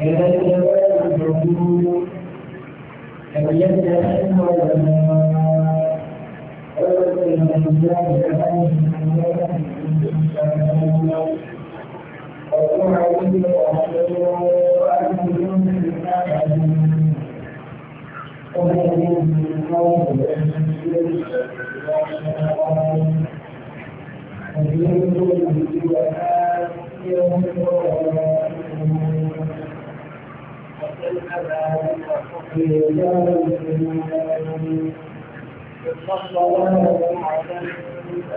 يا جبال الجبور تبين الحلم والماء ولكن الانسان كان وقل عليه وأحسن وأحسن Thank you. في ذلك ثم الصلاة على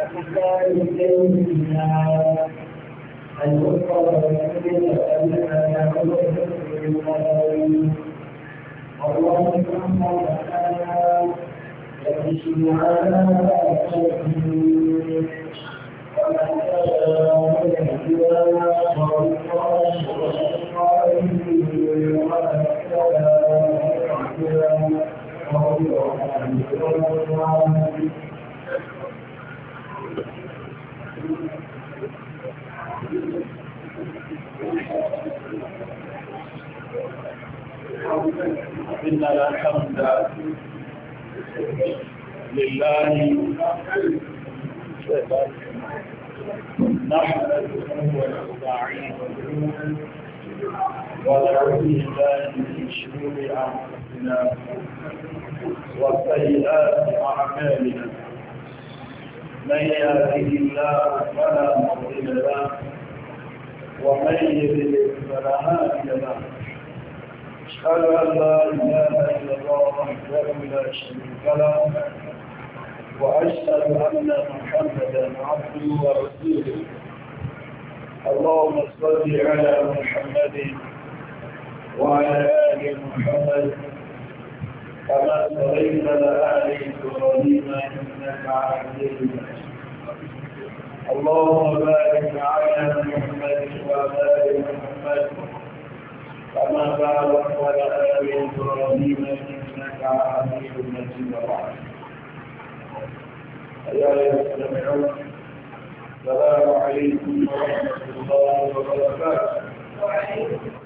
أحبائنا الكفر من الأمن اللهم صل وتشفي على أشرفه ومن تشاء من الجوار والقرآن إن الحمد لله نحمده ونستعينه ونعوذ بالله من شرور وسيئات أعمالنا من يهده الله فلا مضل له ومن يضلل فلا هادي له أشهد أن لا إله إلا الله وحده لا شريك له وأشهد أن محمدا عبده ورسوله اللهم صل على محمد وعلى آل محمد كما صليت على آل إبراهيم إنك حميد مجيد اللهم بارك على محمد وعلى آل محمد كما باركت على آل إبراهيم إنك حميد مجيد أيها المستمعون السلام عليكم ورحمة الله وبركاته وعليكم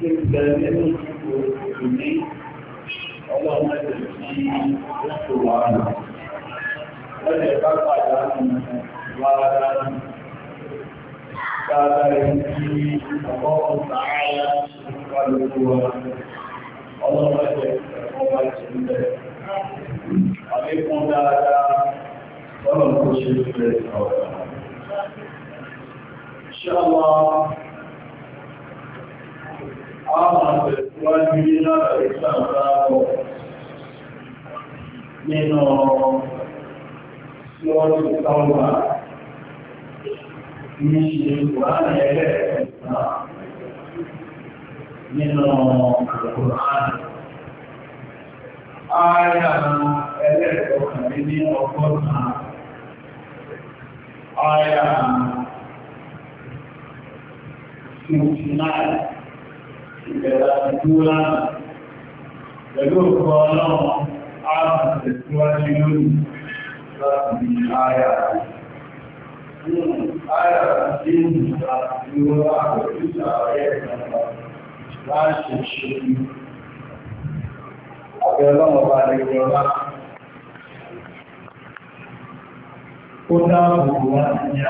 tí ń bẹ nínú ìṣòro ìní ọwọ́ mẹ́rin tí ó ṣe wà nù. Lọ́lẹ̀ bá pàdánù dáadáa dáadáa ìdí ọ̀pọ̀ ọ̀sán ààyà wà lóko wa. Ọlọ́run ẹ̀jẹ̀ ọba ọ̀rọ̀. Ṣé ọlọ́run àwọn àtẹ̀síwájú lábẹ̀rẹ̀ sàmàràpọ̀ nínú lọ́ọ̀tù tọ́wà ní ṣe kùránì ẹlẹ́ẹ̀kẹta nínú kùránì. Ààyà ẹlẹ́ẹ̀kọ̀kàrí ní ọgọ́ta. Ààyà 59 ìbẹ̀rẹ̀ àdúgbò lánàá pẹ̀lú òkú ọlọ́run áàrùn tẹ̀síwájú lónìí láti àyà àyà tí ń àti ìwọ́n àgbẹ̀lúta ayẹ́ ìjọba láti ṣe àbẹ̀ ọlọ́run bá lè yọlá ó dáàbò wá ní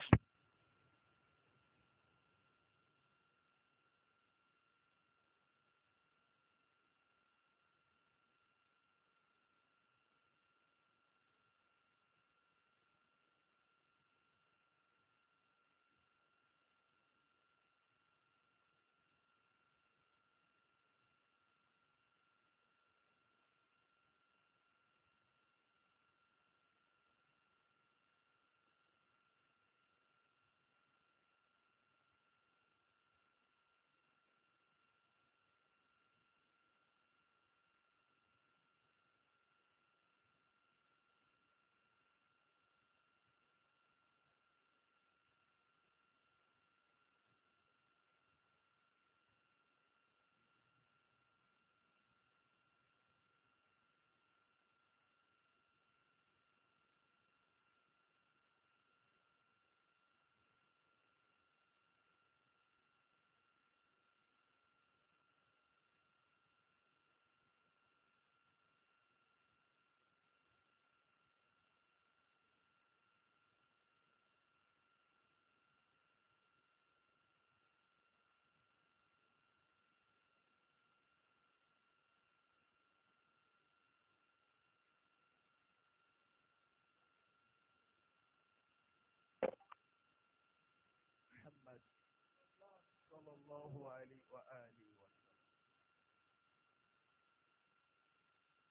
الله عليه وآله وسلم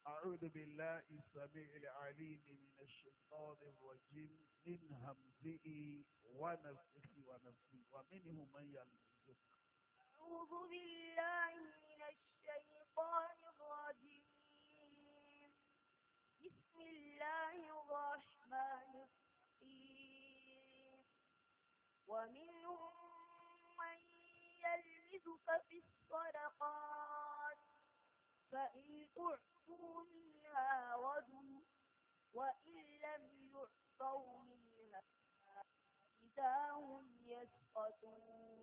أعوذ بالله السميع العليم من الشيطان الرجيم من همزه ونفسه ونفسه ومنه من يلمزك أعوذ بالله من الشيطان الرجيم بسم الله الرحمن الرحيم ومنهم يوسف في الصدقات فإن أعطوا منها رجوا وإن لم يعطوا منها إذا هم يسقطون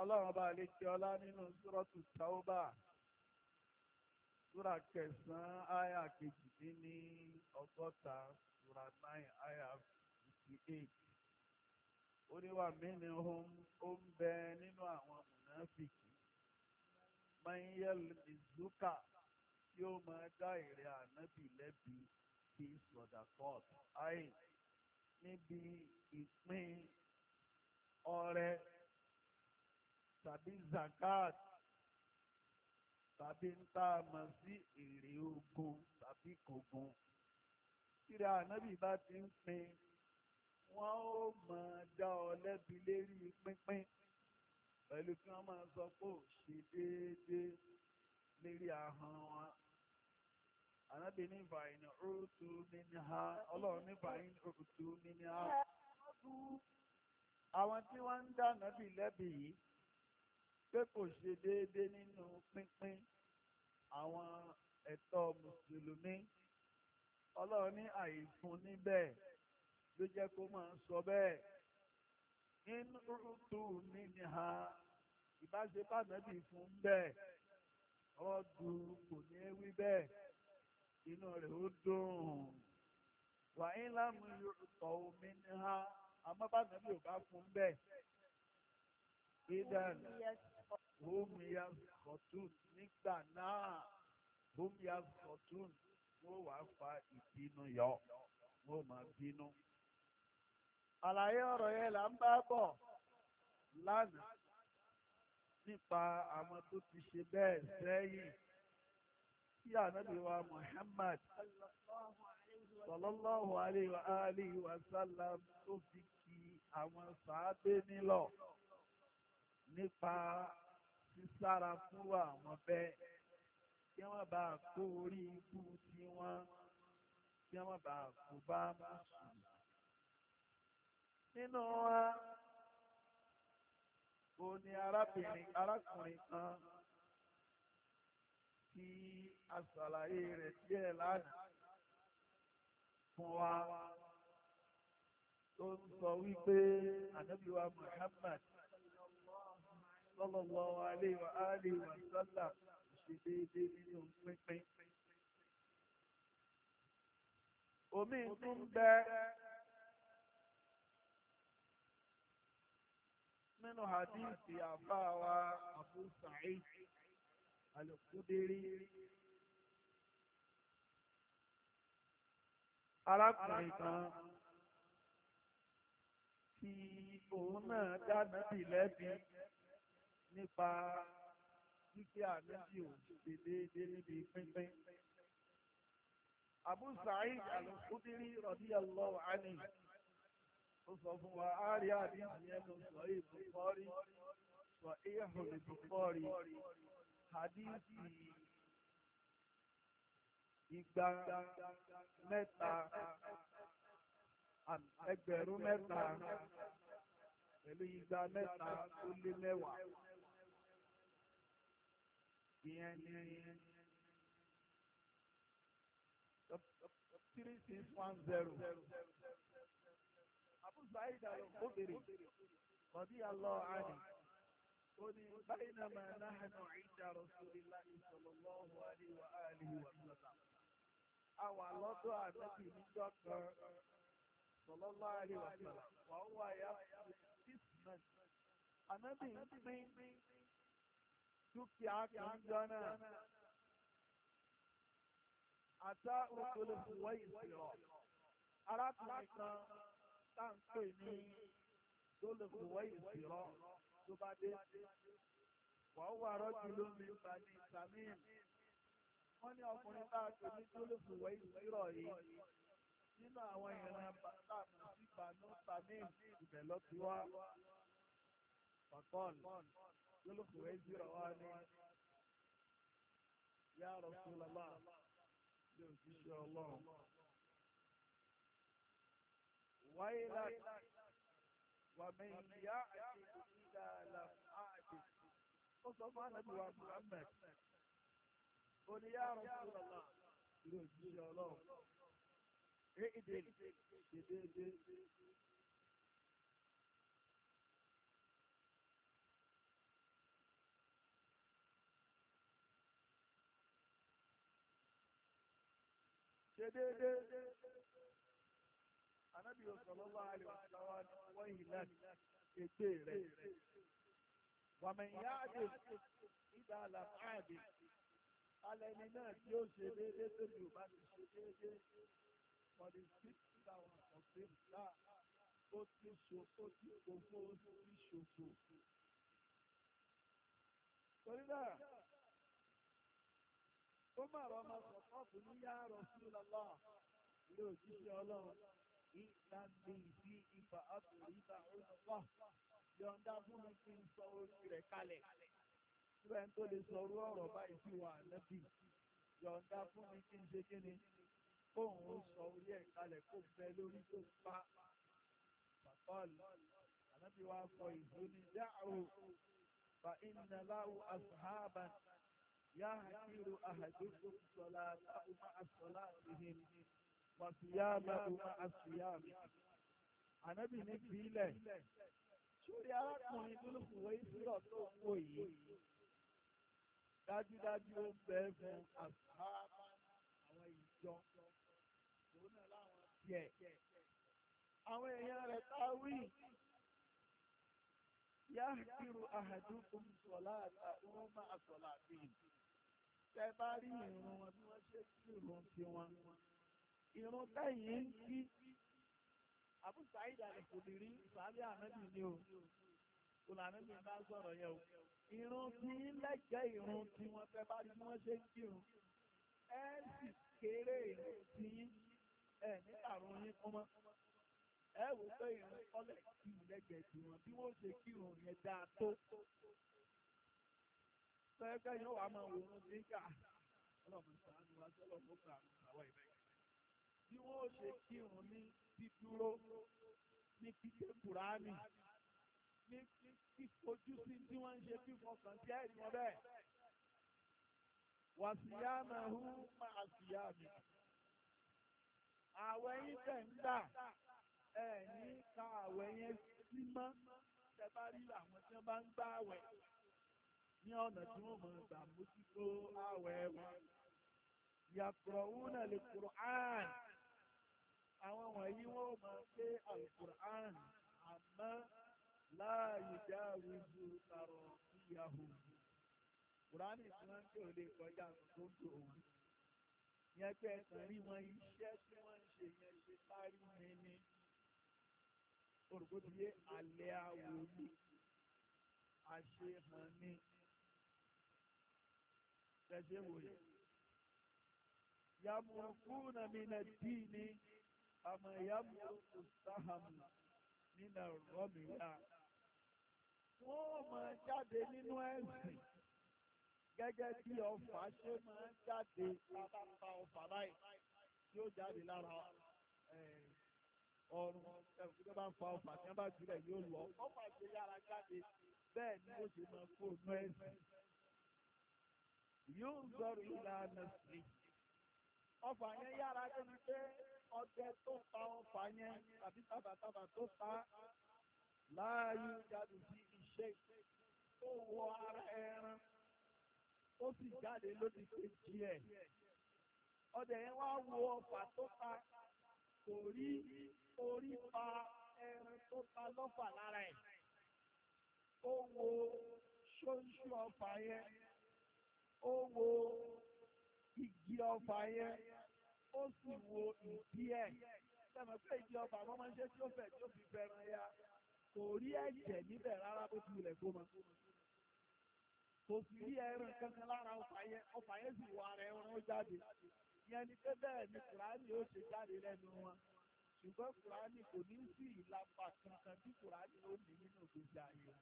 ọlọ́run bá lè kí ọlá nínú súrọ́tù taubá súra kẹsàn-án àyà kejì dín ní ọgọ́ta súra 9 àyà 58 ó ní wà mí ni ó ń bẹ nínú àwọn mùnáfìkì mayel mizuka yóò máa dá èrè ànábì lẹ́bi bí sọ̀dàkọ́t ayé níbi ìpín ọrẹ tàbí zakat tàbí ń tá a mọ̀ sí èrè ogun tàbí kògun tíra ànábì bá ti ń pín wọ́n ó máa dá ọ lẹ́bi lérí pínpín pẹ̀lú kí wọ́n máa sọ pé ò ṣe déédéé lérí ahọ́n wọn ànábì ní fàáyìn òtù nínú ha ọlọ́run ní fàáyìn òtù nínú ha àwọn tí wọ́n ń dá ànábì lẹ́bi yìí pé kò ṣe déédéé nínú pínpín àwọn ẹ̀tọ́ mùsùlùmí ọlọ́run ní àìfún níbẹ̀ ló jẹ́ kó máa sọ bẹ́ẹ̀ nínú òtù nínú ha ìbáṣe bá nàbì fún bẹ́ẹ̀ ọdún kò ní wí bẹ́ẹ̀ inú rẹ̀ ó dùn wàyí lámú yòókọ̀ omi ní ha àmọ́ nàbì ò bá fún bẹ́ẹ̀ ìdáná omi ya nígbà náà ya wọ́n wá fa ìbínú yọ wọ́n máa bínú. Àlàyé ọ̀rọ̀ yẹn là ń bá bọ̀ lánàá. nípa àwọn tó ti ṣe bẹ́ẹ̀ sẹ́yìn tí ànábì wa Muhammad sallallahu alayhi wa sallam tó fi kì àwọn sàábé nílọ̀ nípa sísára fún àwọn bẹ́ẹ̀ kí wọ́n bá kó orí ikú tí wọ́n kí wọ́n bá kó bá mùsùlùmí nínú wa ó ní arábìnrin arákùnrin kan tí a ṣàlàyé rẹ̀ díẹ̀ lánàá fún wa tó ń sọ wípé ànábíwá Muhammad sallallahu alaihi wa alihi wa sallam ṣe déédéé nínú pínpín omi tún bẹ́ẹ̀ nínú hadithi àfáàwà Abu Sa'id al-Khudri arákùnrin kan tí òun náà dáná bí lẹ́bi nípa dúkìá méjì ò ṣe déédéé níbi pínpín. Abu Sa'id al-Khudri radiyallahu ó sọ fún wa àárí àrí àyẹ́lò sọ ìbùkọ́rí sọ ìyàhùn ìbùkọ́rí hadithi igba mẹ́ta ẹgbẹ̀rún mẹ́ta pẹ̀lú igba mẹ́ta ó lé mẹ́wàá ìyẹn ni three six one zero. Sa'id al-Khudri rọ̀bí àlọ́ àní. Ó ní baynama nahnu 'inda Rasulillahi sallallahu alaihi wa alihi wa sallam. A wà lọ́dọ̀ àtẹ́bì níjọ́ kan sallallahu alaihi wa sallam. Wà ó wà yá Christmas. fún wáyé sí Arákùnrin kan tá ń pè ní zolokowai ìsirọ́ tó bá dé wọ́n wà rọ́jì lómi ìgbà ní samim wọ́n ní ọkùnrin bá pè ní zolokowai ìsirọ́ yìí nínú àwọn ìran bàtà sí ìbànú samim ìbẹ̀lọ́ ti wá pàtọ́ọ̀lù zolokowai ìsirọ́ wá ní yá Rasulullah lè òjíṣẹ́ ọlọ́run. ويلك ومن يأتي إذا لم أأتي وصفى نبي محمد قل يا رسول الله يرجي الله اعدل اعدل ṣe déédéé Ànábì sallallahu alaihi wasallam wọ́n yìí láti ètè rẹ̀. Wàmẹ̀yà àdè ìdá àlàfáàdì. Alẹ́ni náà tí ó ṣe déédé tó bí ò bá ti ṣe déédé. Mọ̀dé sí ìdáwọn ọ̀sẹ̀ náà ó ti ṣòfò tí òfò ó ti ṣòfò. Torí náà, ó máa rọ ọmọ sọ̀pọ̀ fún ní yá rọ̀ sí lọ́lọ́ ilé òjíṣẹ́ Ọlọ́run ìgbàgbé ìdí ìfà àbúrúta olùkọ́ yọ̀ǹda fún mi kí n sọ orí rẹ̀ kalẹ̀ síbẹ̀ tó lè sọrú ọ̀rọ̀ báyìí sí wà lẹ́bí yọ̀ǹda fún mi kí n ṣe kí ni kóhùn sọ orí ẹ̀ kó fẹ́ lórí tó pa pàpọ́ọ̀lù ànábì wa sọ ìdúní dáàrò fa iná láwù àṣàbà yáhàkírù àhàdókò sọlá táwọn àṣọlá ìhìn ní wàsíyáàmẹ́kùnmá àṣìyáàmì ànábì ní fílẹ̀ ṣúrí arákùnrin lólùkùwé ìṣúrọ̀ tó ń wò yìí dájúdájú ó bẹ fún àṣìyáàmà àwọn ìjọ òun náà láwọn tiẹ̀ àwọn èèyàn rẹ̀ táwí yáàkìrù àhàdùkùn sọ̀lá àtàwọn máa sọ̀lá bíi tẹ bá rí ìrún wọn bí wọ́n ṣe kírun tiwọn ìran tẹ́yìn ń kí àbúta ìdàlẹ̀ kò lè rí ni o kò lànà mi bá sọ̀rọ̀ o ìran tí lẹ́jẹ́ tí wọ́n fẹ́ bá rí wọ́n ṣe ń o ẹ sì kéré tí ẹ ní àrùn yín ẹ wò pé kọ́lẹ̀ lẹ́gbẹ̀ẹ́ tí wọ́n bí wọ́n ṣe kírun yẹn tó tí wọ́n ṣe kírun ní dídúró ní kíké kùránì ní fífojú sí tí wọ́n ń ṣe fífọkàn sí ẹ̀rí wọn bẹ́ẹ̀. wàsíyá máa hu máa síyá mi. àwẹ̀ yín tẹ̀ ń gbà ẹ̀ ní ka àwẹ̀ yẹn sí mọ́ tẹ bá rí àwọn tí wọ́n bá ń gbà àwẹ̀ ní ọ̀nà tí wọ́n mọ̀ gbà mójútó àwẹ̀ wọn. yàtọ̀ òun náà lè kúrò áàrùn àwọn wọ̀nyí wọ́n máa ṣe alukur'an àmọ́ láàyè jáwé ju tààrọ̀ ìyàwó kùránì tí wọ́n ń pè lè kọjá tó ń dò wọ́n yẹn pé ẹ̀sán rí wọn iṣẹ́ tí wọ́n ń ṣe yẹn ṣe sáré mi ní alẹ́ àwòrán àṣehàn ní ṣẹṣẹ́ wòye yàmùkú nàmínà dì ní àmà ìyá mọ́tò sáhàmù nínà rọ́mìyà wọ́n máa jáde nínú ẹ̀sìn gẹ́gẹ́ bí ọfà ṣe máa jáde lábàbà ọfà báyìí tí ó jáde lára ọrùn ẹ̀fù tó bá ń fa ọfà tí wọ́n bá jùlẹ̀ yóò lọ ọfà ṣe yára jáde bẹ́ẹ̀ ni ó ṣe máa kó nú ẹ̀sìn yóò ń sọ̀rọ̀ ìlànà sí ọfà yẹn yára débi pé ọdẹ tó pa ọfà yẹn tàbí tàbàtàbà tó pa láàyè jáde sí iṣẹ́ tó wọ ara ẹran ó sì jáde lódì kejì ẹ̀ ọdẹ yẹn wá wo ọfà tó pa kò rí orí pa ẹran tó pa lọ́fà lára ẹ̀ ó wo ṣóńṣó ọfà yẹn ó wo igi ọfà yẹn ó sì wo ìdí ẹ̀ sẹ́mi pé ìdí ọba àwọn máa ń ṣe tí ó fẹ̀ tí ó fi bẹ̀rẹ̀ ya kò rí ẹ̀jẹ̀ níbẹ̀ rárá bó ti ilẹ̀ gbọ́mọ kò sì rí ẹran kankan lára ọfà yẹn sì wà rẹ̀ ẹran jáde ìyẹn ni pé bẹ́ẹ̀ ni kùránì ó ṣe jáde lẹ́nu wọn ṣùgbọ́n kùránì kò ní sí ìlàpà kankan tí kùránì ó ní nínú ìgbésí ayé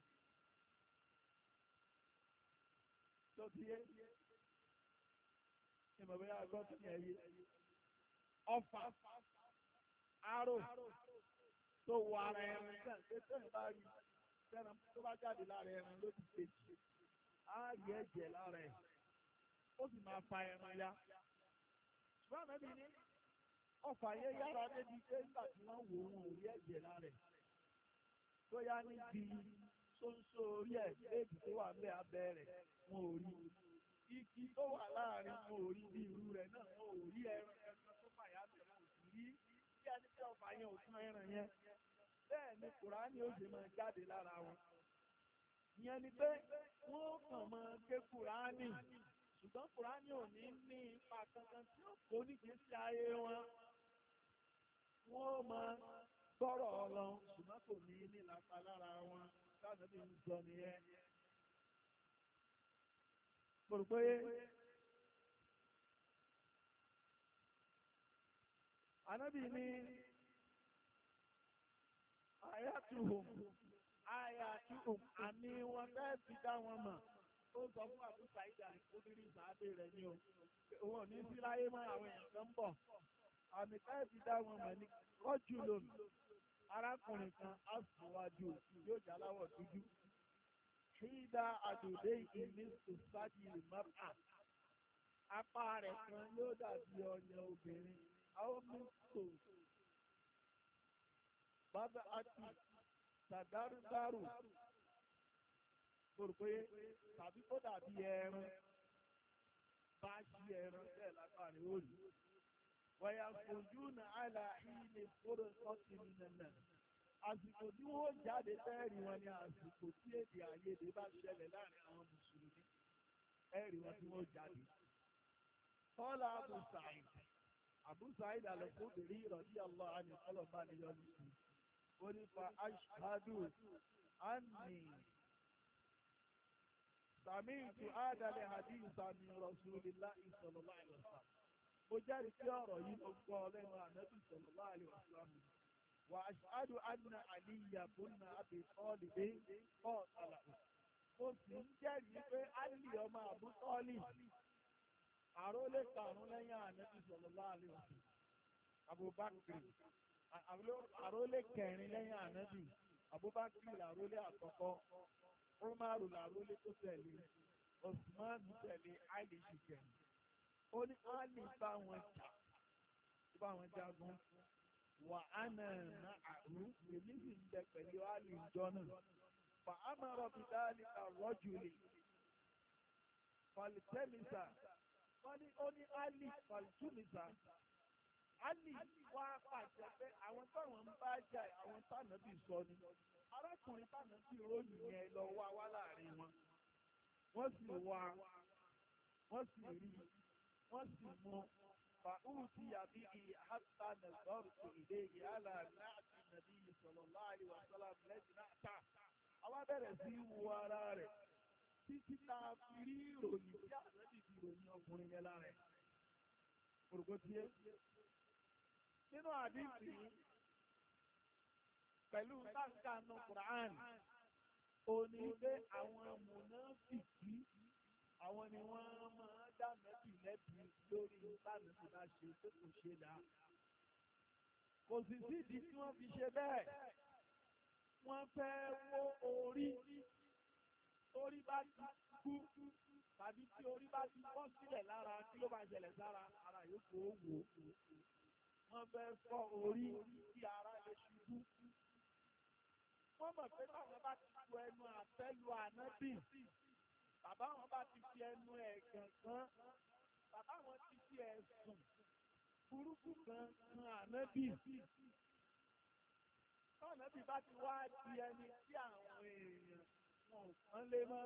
tó ti yé ìmọ̀ bóyá gbọ́ tó yẹ yé. ọfà arò tó ara ẹran sẹ́yìn bá rí sẹ́ran tó bá jáde lára ẹran lójú kejì á rí ẹ̀jẹ̀ lára ẹ̀ ó sì máa fa ya. ṣùgbọ́n ọfà yára débi pé nígbà tí wọ́n wò wọn ò rí ẹ̀jẹ̀ lára ẹ̀ tó yá igi tó wà láàrin wọn ò náà wọn ò rí ẹni tí ọfà yẹn ò tán ẹran yẹn bẹ́ẹ̀ ni kùránì ó máa jáde lára wọn ìyẹn ni pé wọ́n kàn máa ké kùránì ṣùgbọ́n kùránì ò ní ní ipa kankan tí ó kó nídìí sí ayé wọn wọ́n máa gbọ́rọ̀ ọlọ́run ṣùgbọ́n kò ní nílapa lára wọn láti bí ń nìyẹn. anábì ni àyàtúhùn àyàtúhùn àmì wọn bẹ́ẹ̀ ti dá wọn mọ̀ ó sọ fún àbúta ìdá obìnrin ìsàádé rẹ̀ ní o wọn ní sí láyé mọ́ àwọn èèyàn kan bọ̀ àmì bẹ́ẹ̀ ti dá wọn mọ̀ ní rọ́jù lónìí arákùnrin kan á sùn wájú yóò jà láwọ̀ dúdú ṣídá àdòdé ìní sòsájì mọ́ta apá rẹ̀ kan yóò dàbí ọyàn obìnrin àwọnìtò bàbá àti tàdárúdárù gbòrògbé tàbí ó dàbí ẹran bá ṣí ẹran bẹ́ẹ̀ lágbàrin òòlù wọ̀yà fojú nà àìlà ilé kóró sọ́ọ̀tì nìlẹ̀nà àsìkò tí wọ́n jáde tẹ́ẹ̀rì wọn ni àsìkò tí èdè àìyedè bá ṣẹlẹ̀ láàrin àwọn mùsùlùmí ẹ̀rì wọn tí wọ́n jáde. Tọ́lá Abu àbúsáìdì àlẹ́kùnrin ìrọ̀lí àlọ́ àmì ọlọ́ba níyọnu sí ó ní fa ashhadu anni sàmìtù ádàlẹ̀ haditha min rasulillahi sallallahu alaihi wasallam ó jáde sí ọ̀rọ̀ yìí ló gbọ́ lẹ́nu ànábì sallallahu alaihi wasallam wà ashhadu anna àlìyà bùnà àbí tọ́lìdé ọ̀tàlà ó sì ń jẹ́rìí pé àlì ọmọ àrólé karùn-ún lẹ́yìn ànẹ́bí sọ̀lọ́lá àlèkù Abubakar àrólé kẹrin lẹ́yìn ànẹ́bí Abubakar làrólé àkọ́kọ́ Umaru làrólé tó tẹ̀lé Osman tẹ̀lé Ali ṣìkẹ̀ ó ní Ali bá wọn jà bá wọn jagun wà á nà ẹ̀rọ èmi sì ń jẹ pẹ̀lú wọ́n ní ali ali wá pàṣẹ pé àwọn táwọn ń bá jà àwọn tànàbí sọ ni arákùnrin tànàbí ròyìn yẹn lọ wá láàrin wọn wọ́n sì wá wọ́n sì rí wọ́n sì ìdè láti títí ta fi rí ìròyìn tí ànábì ti ọkùnrin yẹn lára ẹ̀. Òrùkọ́ ti yé. Nínú àdìsí pẹ̀lú táǹkà nù Kùrán, ó ní pé àwọn mùnáfìkì àwọn ni wọ́n máa dá mẹ́bì lẹ́bì lórí ìbánibí bá ṣe tó kò ṣe dá. Kò sì sídìí tí wọ́n fi ṣe bẹ́ẹ̀. Wọ́n fẹ́ wó orí orí bá ti kú tàbí tí orí bá ti bọ́ sílẹ̀ lára kí ló máa jẹlẹ̀ sára ara yòókù ó wò ó wọ́n fẹ́ fọ́ orí kí ara lè ṣubú wọ́n mọ̀ pé báwọn bá ti tu ẹnu àtẹ́lu ànábì bàbá wọn bá ti fi ẹnu ẹ̀ gàngán bàbá wọn ti fi ẹ̀sùn burúkú kan kan ànábì tọ́nàbì bá ti wá di ẹni tí àwọn èèyàn wọ́n lé mọ́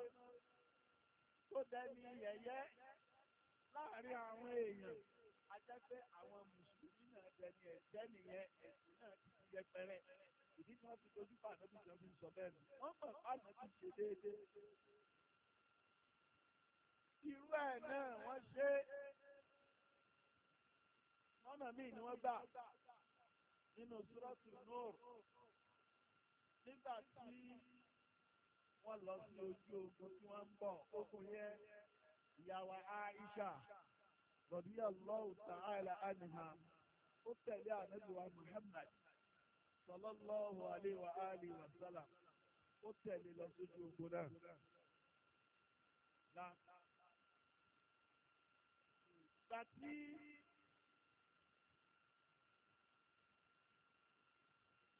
tó dẹni yẹ̀yẹ́ láàrin àwọn èèyàn ajẹ́pẹ́ àwọn mùsùlùmí náà dẹni ẹ̀jẹ́ nìyẹn ẹ̀sìn náà ti fi yẹpẹrẹ ìdí tí wọ́n fi dojú pa àdọ́bí jọ fi sọ bẹ́ẹ̀ wọ́n mọ̀ pàdé ti ṣe déédéé irú ẹ̀ náà wọ́n ṣe lọ́nà míì ni wọ́n gbà nínú Suratul Nur nígbà tí wọ́n lọ sí ojú ogun tí wọ́n ń bọ̀ yẹn ìyàwó Aisha radiyallahu ta'ala anha ó tẹ̀lé ànábìwá Muhammad sallallahu alaihi wa alihi ó tẹ̀lé lọ sójú ogun náà. Gbàtí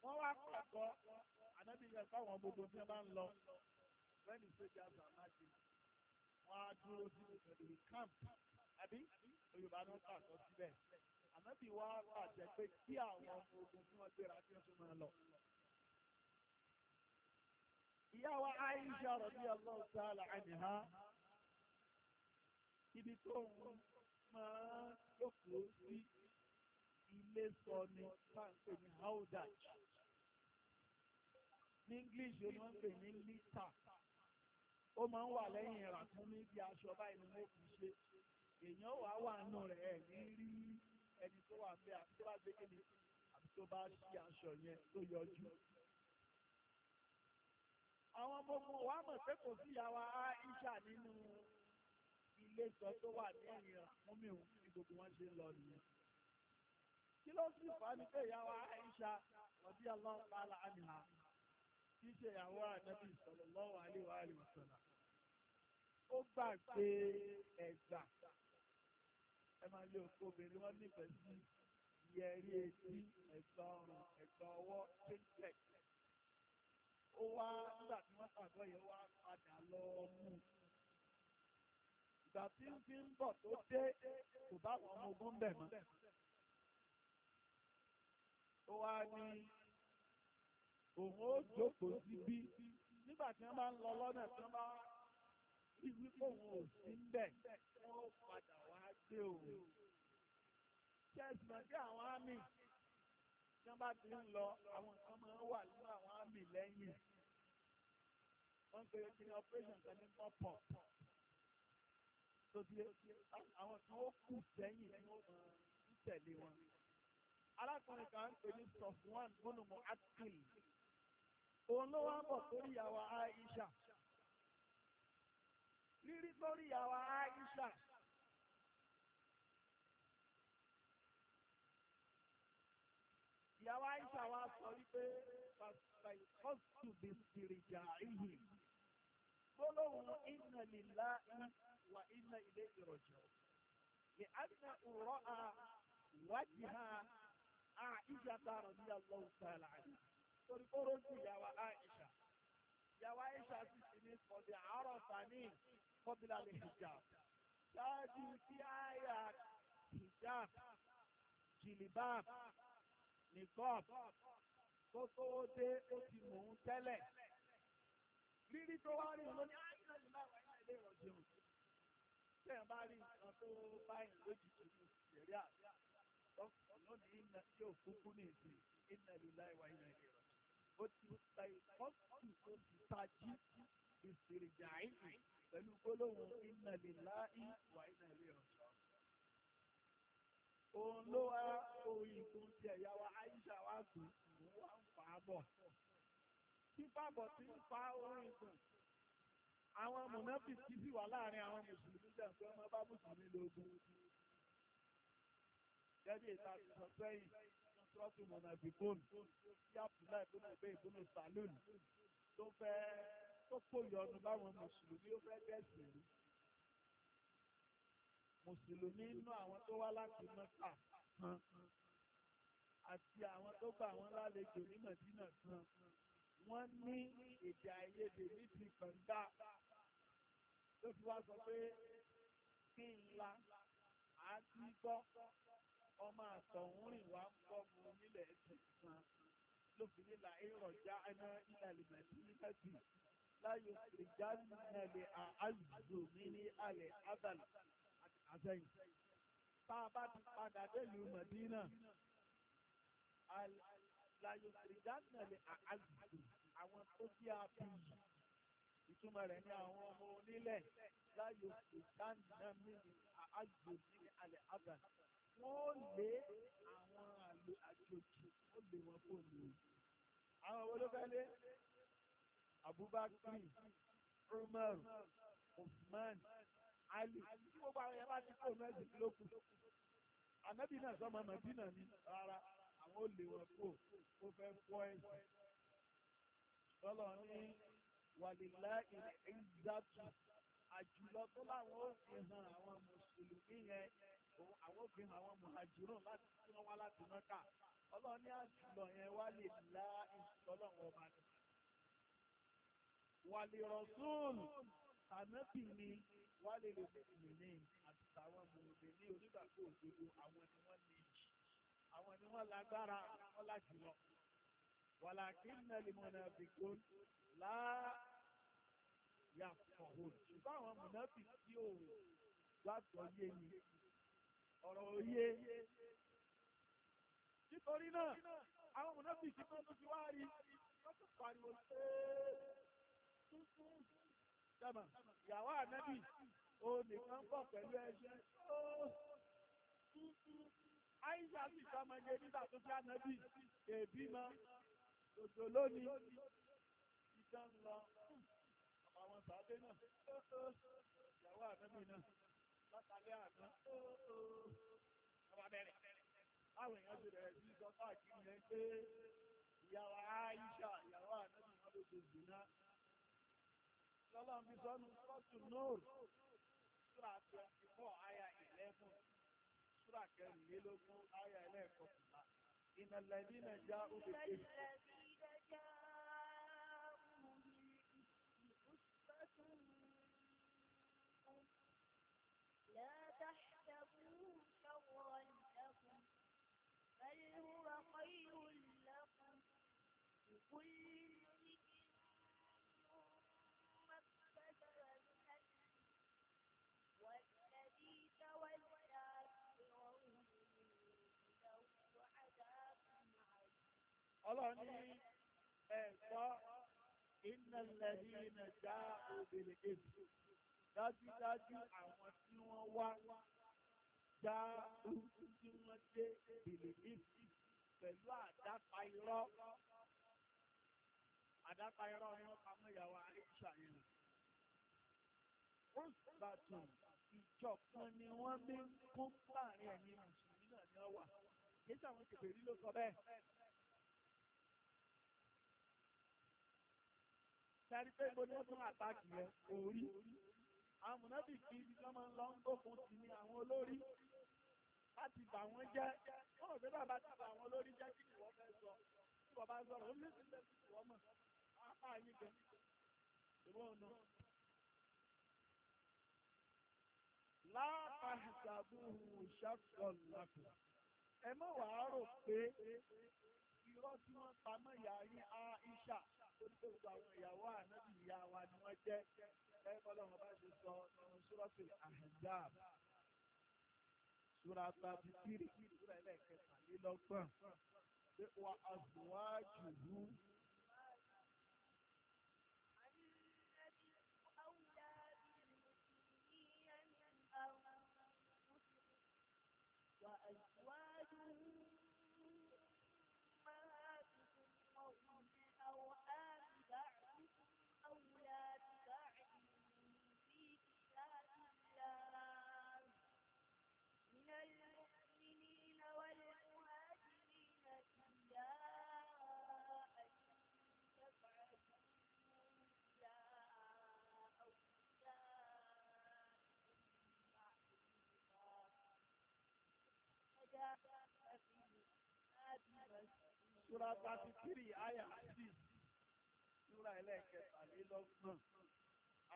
wọ́n wá pàgọ́ ànábìyẹ fáwọn gbogbo tí wọ́n bá ń lọ. when the soldiers are marching wọ́n á dúró sí ìpẹ̀lú camp àbí Yorùbá náà pàtó síbẹ̀ ànábì wa pàṣẹ pé kí àwọn ọmọ ogun tí wọ́n gbéra kí wọ́n tún máa lọ. ìyá wa Aisha radiyallahu ta'ala anha ibi tó ń máa jókòó sí ilé sọ ni pàǹpẹ̀ ní haudach ní English ni wọ́n ń pè ní lítà ó máa ń wà lẹ́yìn rà fún ní bí aṣọ báyìí ni wọ́n fi ṣe èèyàn wà wà nù rẹ̀ ẹ̀ ní rí ẹni tó wà fẹ́ àti tó bá gbé kéde àti tó bá ṣí aṣọ yẹn tó yọjú. àwọn gbogbo wa mọ̀ pé kò sí ìyàwó Aisha nínú ilé sọ tó wà ní ẹ̀yìn rà fún mi òun ní gbogbo wọn ṣe lọ nìyẹn kí ló sì fà á ní pé ìyàwó Aisha ọdí ọlọ́pàá làánìhà tí ṣe ìyàwó ànábì sallallahu alaihi wa alihi wasallam ó gbà pé ẹ̀gbà ẹ máa lé òkú obìnrin wọn nífẹ̀ẹ́ sí yẹrí etí ẹ̀gbà ọrùn ẹ̀gbà ọwọ́ fintech ó wá nígbà tí wọ́n pàgọ́ yẹn wá padà lọ mú ìgbà tí ń fi ń bọ̀ tó dé kò bá wọn ọmọ ogun bẹ̀ mọ́ ó wá ní òun ó jókòó síbí nígbà tí wọ́n bá ń lọ lọ́nà tí wọ́n bá rí wípé òun ò sí ń bẹ̀ wọ́n ó padà wá dé òun. ṣẹ́sìmọ̀ sí àwọn àmì tí wọ́n bá ti ń lọ àwọn nǹkan máa ń wà nínú àwọn àmì lẹ́yìn. wọ́n ń pe kíni operation kan ní pọ́pọ̀ tó di àwọn kan ó kù sẹ́yìn tí tẹ̀lé wọn. alákùnrin kan ń pè ní soft one gbónùmọ̀ active òun ló wá ń bọ̀ sórí ìyàwó Aisha rírí sórí ìyàwó Aisha ìyàwó Aisha wa sọ wípé fàṣàkọ́sù bí sìrìjà ìhì gbólóhùn inna lillahi wa inna ilayhi raji'un ni àdínà òrọ́ a wájì ha Aisha radiyallahu ta'ala anha torí kó rójú ìyàwó Aisha ìyàwó Aisha sì sí ní kọ̀dí àárọ̀ tani kọ́bílà lè hijab ṣáájú tí àyà hijab jìlìbáàb nìkọ́b tó tó dé ó ti mò ń tẹ́lẹ̀ rírí tó wá rí òun ló ní àyà lè má wà ní ilé ìrọ̀jẹun tẹ́ ẹ̀ bá rí nǹkan tó báyìí lójijì ní ìṣẹ̀rí àti ọkùnrin lónìí yóò kúkú ní ìsìn ìnàlélá ìwà ìnàlélá. Fọ́tù tó ti tají ìsìrìjà ìlú pẹ̀lú gbólóhùn iná lè láì wà iná ilé ọ̀ṣọ́. Òun ló wá oyin tó ń ti ẹ̀yà wa Aisha wá gùn òun wá ń fà á bọ̀. Tí ti ń fa orin gùn, àwọn mọ̀nàfì ti sì wà láàrin àwọn mùsùlùmí jẹ́ pé ọmọ bá mùsùlùmí lógún. Jẹ́bi ìta sọ sẹ́yìn sọ́ọ̀tù mọ̀nà ìbìkún tí àbúlá ìbúnà ìbẹ́ ìbúnà sàlùn tó fẹ́ tó kó yọnu báwọn mùsùlùmí ó fẹ́ bẹ́ẹ̀sì rí mùsùlùmí inú àwọn tó wá láti mọ́ta àti àwọn tó gbà wọn lálejò ní mọ̀dínà kan wọ́n ní èdè àìyedè ní ti kànga tó fi wá sọ pé kí n la àá ti gbọ́ ọmọ àtọ̀hún rìn wá ń kọ́ mu nílẹ̀ ẹ̀sìn kan lóbìnrin là ń rọ̀já ẹná ilẹ̀ àlùmọ̀tí nìkàtì láyò ìjà nílẹ̀ àázù mi ní alẹ̀ abàlì àtẹ̀yìn. Tá a bá ti padà délùú Mọ̀dínà, láyò ìjà nílẹ̀ àázù àwọn tó bí a fi yìí ìtumọ̀ rẹ̀ ní àwọn ọmọ onílẹ̀ láyò ìjà nílẹ̀ àázù mi ní alẹ̀ abàlì wọ́n lé àwọn àlò àjòjì ó lè wọ́n kò ní. Àwọn olókálé, Abubakar, Umar, Usman, Ali, tí gbogbo àwọn ẹ̀yà bá ti kó náà jìí lókù. Ànábì náà sọ́mọ Màdínà ni rárá, àwọn ó lè wọ́n kò ó fẹ́ fọ́ ẹ̀sìn. Lọ́lọ́ ní wàlìlá ìrìn ìzàtù àjùlọ tó láwọn ó fi hàn àwọn mùsùlùmí yẹn òun àwọn obìnrin àwọn mùhàjírùn láti tí wọ́n wá láti mọ́kà ọlọ́run ní àjùlọ yẹn wá lè lá ìtọ́lọ́run ọba ni. wàlè rọ̀súùlù tànẹ́bì ni wálé lè fèsì ní àti tàwọn mòròdè ní onígbàgbọ́ òdodo àwọn ni wọ́n ní ìjì àwọn ni wọ́n lágbára wọ́n lájùlọ. wàlàkì nàlè mọ̀nàbìkó láyà fọ̀hún ṣùgbọ́n àwọn mọ̀nàbì tí ò gbàgbọ́ yé ni ọ̀rọ̀ òye nítorí náà àwọn mọ̀nàbí kí tó fi wá rí lọ́tọ̀ pariwo ṣe tuntun jama ìyàwó ànábì ó nìkan pọ̀ pẹ̀lú ẹgbẹ́ ó tuntun àìsà sì sọmọdé nígbà tó fi ànábì èbí mọ òjò lónìí ìtàn lọ àwọn sàádé náà ìyàwó ànábì náà látàlẹ́ àná ó ó abẹ́rẹ́ àwọn èèyàn ti bẹ̀rẹ̀ sí sọ káàkiri yẹn pé ìyàwó Aisha ìyàwó ànábì wọn ló ṣe zìnà lọ́lọ́run sọ́nu sọ́tù nóòr súrà 24 àyà 11 súrà kẹrìnlélógún àyà ẹlẹ́ẹ̀kọkànlá ìnàlẹ́bí nàìjíríà ó fi ọlọ́run ní ẹ̀kọ́ ìnàlẹ́yìn ẹ̀dá òbèrè èdè dájúdájú àwọn tí wọ́n wá dá ojú tí wọ́n dé bèrè èdè pẹ̀lú àdápa irọ́ àdápa irọ́ ni wọ́n pamọ́ ìyàwó àríṣà yẹn. ó gbàtò ìjọkan ni wọ́n bí kún láàrin ẹ̀yìn mùsùlùmí náà ni wọ́n wà. kìí sàwọn kèfèrí ló sọ bẹ́ẹ̀. sẹ́rí pé gbogbo wọn tún àtàkì yẹn orí. àwọn mùnàbí kì í bí wọ́n máa ń lọ ń gbókun sí ni àwọn olórí láti bà wọ́n jẹ́ wọ́n rò pé bàbá ti bà wọ́n lórí jẹ́ kí ìwọ fẹ́ sọ àfáà yìí gan ìwọ ọ̀nà látàṣàbùhù ṣàkọlàkù ẹ mọ́ wàá rò pé irọ́ tí wọ́n pamọ́ ìyá yín Aisha tó ní gbogbo àwọn ìyàwó ànábì ìyá wa ni wọ́n jẹ́ ẹ bá ṣe sọ Súra 33, Aya 6. Súra ẹlẹ́ẹ̀kẹtàlélọ́gbọ̀n,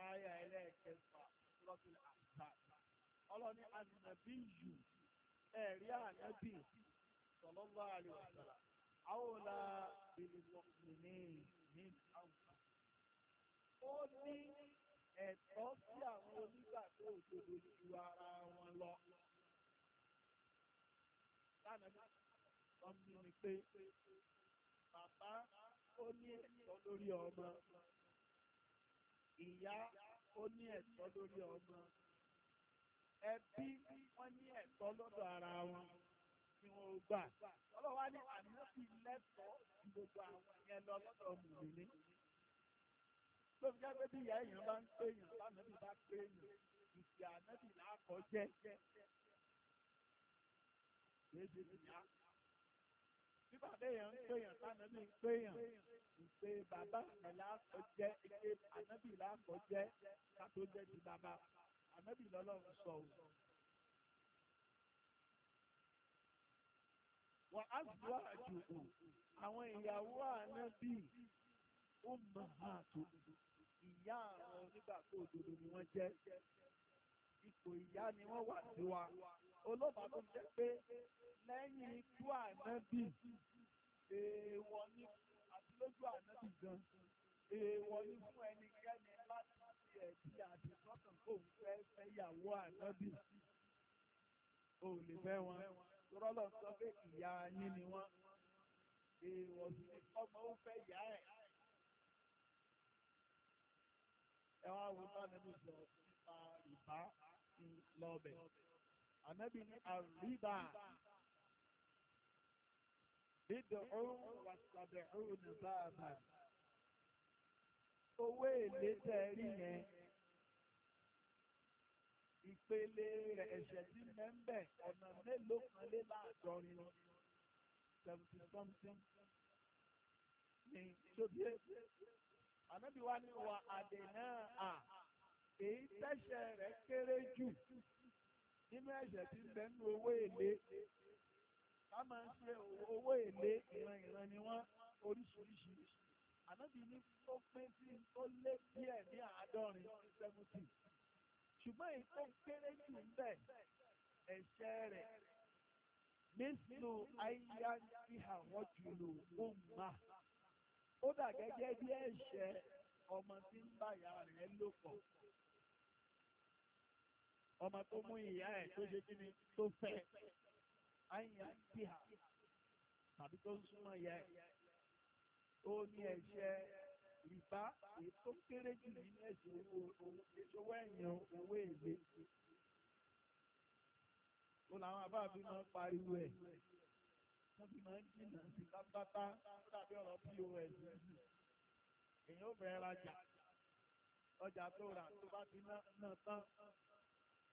Aya ẹlẹ́ẹ̀kẹfà, Súratul Ahzab. Ọlọ́ni Ànábì yù, ẹ̀rí Ànábì, sallallahu alaihi wasallam. Àwòlá bil-mu'minin min Ó ní ẹ̀tọ́ sí àwọn onígbàgbọ́ òdodo ju ara wọn lọ. ó ní ẹ̀tọ́ lórí ọmọ ìyá ó ní ẹ̀tọ́ lórí ọmọ ẹbí wọ́n ní ẹ̀tọ́ lọ́dọ̀ ara wọn tí wọ́n gbà ọlọ́wà ní àmọ́sí gbogbo àwọn yẹn lọ lọ́dọ̀ bí ìyá èèyàn bá ń pè èèyàn bá pè pé bàbá mi láàkọ́ jẹ́ ike ànábì láàkọ́ jẹ́ kátó ti bàbá ànábì lọ́lọ́run sọ o. wọ́n á sì wá àjòkù àwọn ìyàwó ànábì ó mọ̀ àtò ìyá àwọn onígbàgbọ́ òdodo ni wọ́n jẹ́ ipò ìyá ni wọ́n wà sí wa olóòbá tó jẹ́ pé lẹ́yìn ikú ànábì èèwọ̀ ní lójú ànábì gan èèwọ̀ ni fún ẹnikẹ́ni láti fi ẹ̀bí àti sọ́kàn kó ń fẹ́ fẹ́ yàwó ànábì ò lè fẹ́ wọn rọ́lọ̀ sọ pé ìyá yín ni wọ́n èèwọ̀ sì ni ọmọ ó fẹ́ yá ẹ̀ ẹwà wùtá nínú sọ nípa ìbá lọ́bẹ̀ ànábì ní àríbà Bídùn wàṣàbẹ̀rún bàbà. Owó èlé tẹ́ rí yẹn. Ìpele rẹ̀ ẹ̀ṣẹ̀ tí mẹ́mbẹ̀ ọ̀nà mélòó kan lé láàdọ́rin seventy something ní ṣóbi ẹ̀ṣẹ̀. Ànábì wa ní wa àdènà à èyí tẹ́ṣẹ̀ rẹ̀ kéré jù nínú ẹ̀ṣẹ̀ tí mẹ́nu owó èlé ká máa ń ṣe owó èlé ìran ìran ni wọ́n oríṣiríṣi ànábì ní tó pé sí tó lé díẹ̀ ní àádọ́rin seventy ṣùgbọ́n èyí tó kéré jù ń bẹ̀ ẹ̀ṣẹ̀ rẹ̀ nísìlò àyíyá ti àwọn jùlọ ọmọ ó dà gẹ́gẹ́ bí ẹ̀ṣẹ̀ ọmọ tí ń bá ìyá rẹ̀ lò pọ̀ ọmọ tó mú ìyá ẹ̀ tó ṣe kí ni tó fẹ́ àyà bí a tàbí tó ń súnmọ́ ìyá ẹ̀ ó ní ẹ̀ṣẹ̀ ìbá èyí tó kéré jù nínú ẹ̀ṣẹ̀ owó ẹ̀yìn owó èlé ó làwọn àbá bí máa ń pariwo ẹ̀ wọ́n bí máa ń jìnnà sí pátápátá ó dàbí ọ̀rọ̀ pos èyí ó bẹ̀rẹ̀ rajà ọjà tó rà tó bá ti ná tán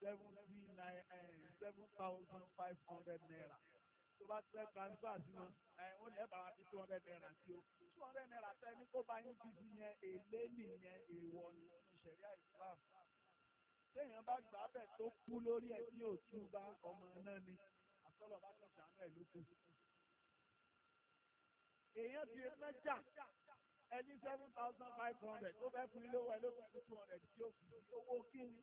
seventy nine eh, seven thousand five hundred naira tó bá ti transfer sí wọn ó ní ẹ̀bà wa fi two hundred naira sí o two hundred naira tẹ́ ní kó bá yín bíbí yẹn èlé nìyẹn èèwọ̀ ní ìṣẹ̀ríà Islam téèyàn bá gbà bẹ̀ tó kú lórí ẹ̀ tí ò tún bá ọmọ náà ni àtọ́lọ̀ bá tọ̀ sàánú ẹ̀ ló kù. èèyàn ti mẹ́jà ẹni seven thousand five hundred tó fẹ́ fún ilé owó ẹ̀ ló fẹ́ fún two hundred tí ó fi owó kí ni.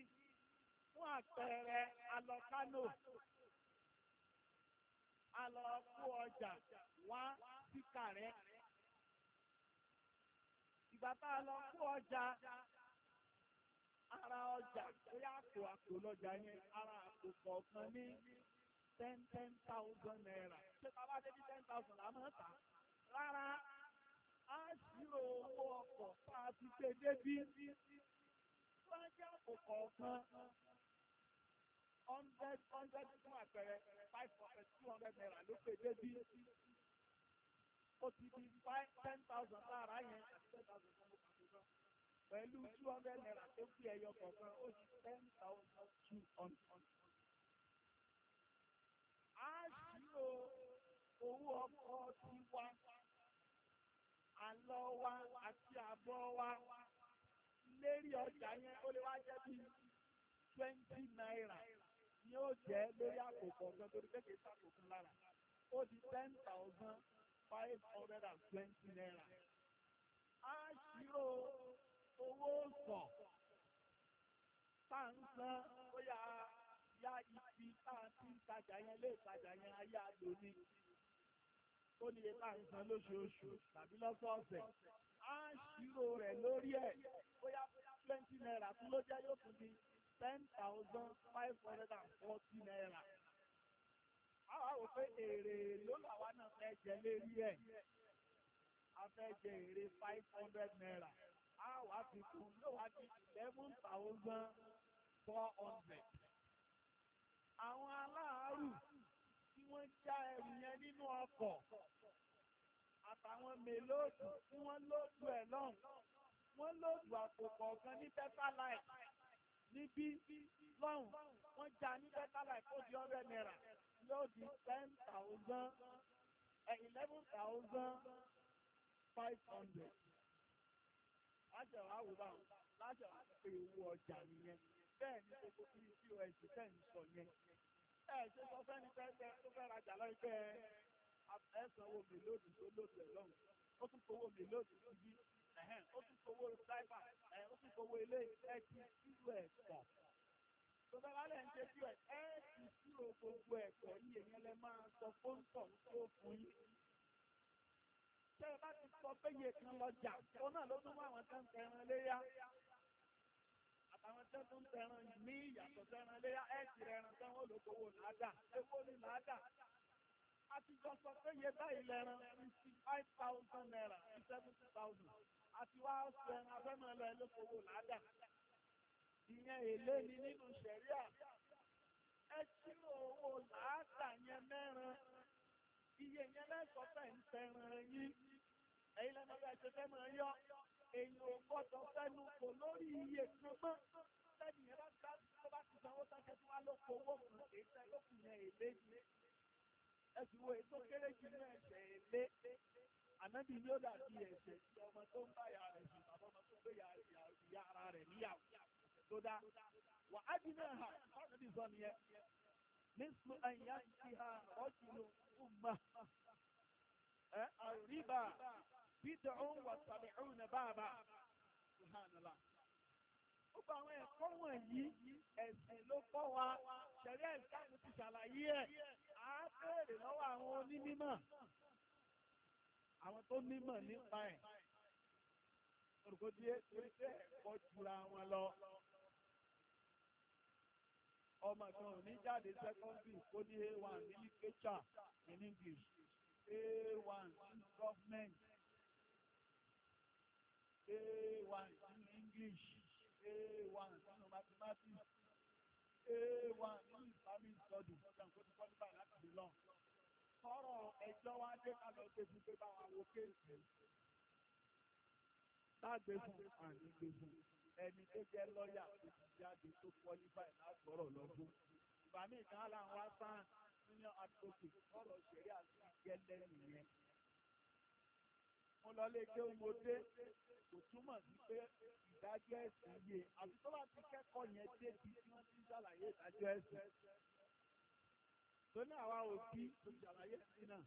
fún àpẹẹrẹ alọ́kánò alọ́ ọjà wá sí kàrẹ́ ìgbà tá a ọjà ara ọjà bóyá àpò àpò lọ́jà yẹn ara àpò kọ̀ọ̀kan ní ten ten thousand naira ṣé ta bá ten thousand la máa tà rárá a ṣírò owó ọkọ̀ tá a ti gbé àpò kọ̀ọ̀kan hundred hundred fún àpẹẹrẹ five hundred two hundred naira ló pè débi ó ti di five ten thousand lára yẹn àti ten thousand fún ọkọ̀ pẹ̀lú two hundred naira tó fi ẹyọ kọ̀ọ̀kan ó di ten thousand two hundred. a ṣírò owó ọkọ̀ tiwa àlọ́ wa àti àbọ̀ wa lérí ọjà yẹn ó lè wá jẹ́ bí twenty naira ni ó jẹ́ lórí àkókò ọ̀gán torí pẹ́kẹ́ sàkókò lára ó di ten thousand five hundred and twenty naira. a ṣírò owó sọ sáǹsán ó yà yá ibi tá a ti ń tajà yẹn lé ìtajà yẹn ayé àlò ni ó ní iye táǹsán lóṣooṣù tàbí lọ́sọ̀ọ̀sẹ̀ a ṣírò rẹ̀ lórí ẹ̀ bóyá twenty naira tún ló jẹ́ yóò thousand five hundred and forty naira. Àwọn àwọn pé èrè ló làwa náà fẹ́ jẹ lérí ẹ̀. A fẹ́ jẹ èrè five hundred naira. Àwọn àfikún ló wá di eleven thousand four hundred. Àwọn aláàárù tí wọ́n já ẹrù yẹn nínú ọkọ̀ àtàwọn mélòdù tí wọ́n lòdù ẹ̀ lọ́hùn. Wọ́n lòdù àpò kọ̀ọ̀kan ní Tẹ́tà níbí lọ́hùn wọ́n já ní better life di ọ̀rẹ́ náírà yóò di ten thousand eleven thousand five hundred láti ọ̀rọ̀ àwòrán àwọn láti ọ̀rọ̀ àti owó ọjà nìyẹn bẹ́ẹ̀ ni gbogbo kí pọ́s tẹ̀ ń sọ yẹn ẹ̀ ṣe sọ fẹ́ni fẹ́ tó fẹ́ rajà lọ́yìn pé ẹ sanwó mi lóòdù tó lóòdù ẹ̀ lọ́hùn ó tún fowó mi lóòdù tó yí ó tún fowó driver ó tún fowó ilé ẹ̀ ti sílùú ẹ̀ pọ̀. Tọ́lọ́lálẹ̀ ń ṣe sí ẹ́ ti ṣírò gbogbo ẹ̀kọ́ yìí èyàn lẹ máa sọ fóńtọ̀ tó fún yìí. Ṣé bá ti sọ péye kan lọ́jà, tó náà ló tún máwọn tẹ́ ń tẹran léyá. Àtàwọn tó ń tẹran ní ìyàtọ̀ tẹran léyá, ẹ́ ti rẹran tán ó lókòwò làádà, naira sí seventy thousand. Àti wá ọ̀sẹ̀ abẹ́mọ̀ lọ ìyẹn èlé ni nínú ṣẹ̀ríà ẹ tí owó làátà yẹn mẹ́rin iye yẹn lẹ́sọ̀ fẹ́ ń tẹran yín ẹ̀yin lẹ́nu ọgbà ẹ̀ṣẹ̀ fẹ́ máa yọ èyàn ò gbọ́dọ̀ fẹ́nu kò lórí iye gbọ́gbọ́n sẹ́ni yẹn bá ti sanwó sáṣẹ́ tí wọ́n ló fowó fún èsẹ́ ló yẹn èlé ni ẹ̀sùn wo èso kéré jù ní ẹ̀ṣẹ̀ èlé ànábì ni ó dàbí ẹ̀ṣẹ̀ tí ọmọ tó ń bá ìyá rẹ̀ bàbá ọmọ tó ń gbé ìyá rẹ̀ níyàwó tó dá wà á jí náà hà fáwọn ẹbí sọ nìyẹn nísú àyà ti ha ọjìlò ọmọ ẹ àríbà bídà ó wà tàbí ọrùn náà báàbà subhanallah ó gba àwọn ẹ̀kọ́ wọ̀nyí ẹ̀sìn ló kọ́ wa ṣẹ̀rí ẹ̀sáàmù ti ṣàlàyé ẹ̀ á béèrè lọ́wọ́ àwọn onímọ̀ àwọn tó nímọ̀ nípa ẹ̀ olùkọ́ díẹ̀ torí pé ẹ̀kọ́ jura wọn lọ ọmọ kan ò ní jáde secondary kó ní a1 ní literature in english a1 in government a1 in english a1 in mathematics a1 in islamic studies ṣàǹkó ti kọ́lífà láti bí lọ sọ̀rọ̀ ẹjọ́ wá dé ká lọ gbé fún pé bá wo kéèkì lágbé fún ànígbé fún ẹni tó jẹ́ lọ́ọ̀yà tó ti jáde tó kọ́lífà ọ̀rọ̀ lọ́gbó. Bàmí ìtàn aláwọ̀ wá sáà nínú àtòkè ọ̀rọ̀ ṣẹ̀rí àti ìgẹ́lẹ́ nìyẹn. Mo lọ lé kí mo dé, kò túmọ̀ sí pé ìdájọ́ ẹ̀sìn yé. Àti tó bá ti kẹ́kọ̀ọ́ yẹn débi tí wọ́n ti ń ṣàlàyé ìdájọ́ ẹ̀sìn. Tó ní àwa òbí tó ṣàlàyé ẹ̀sìn náà.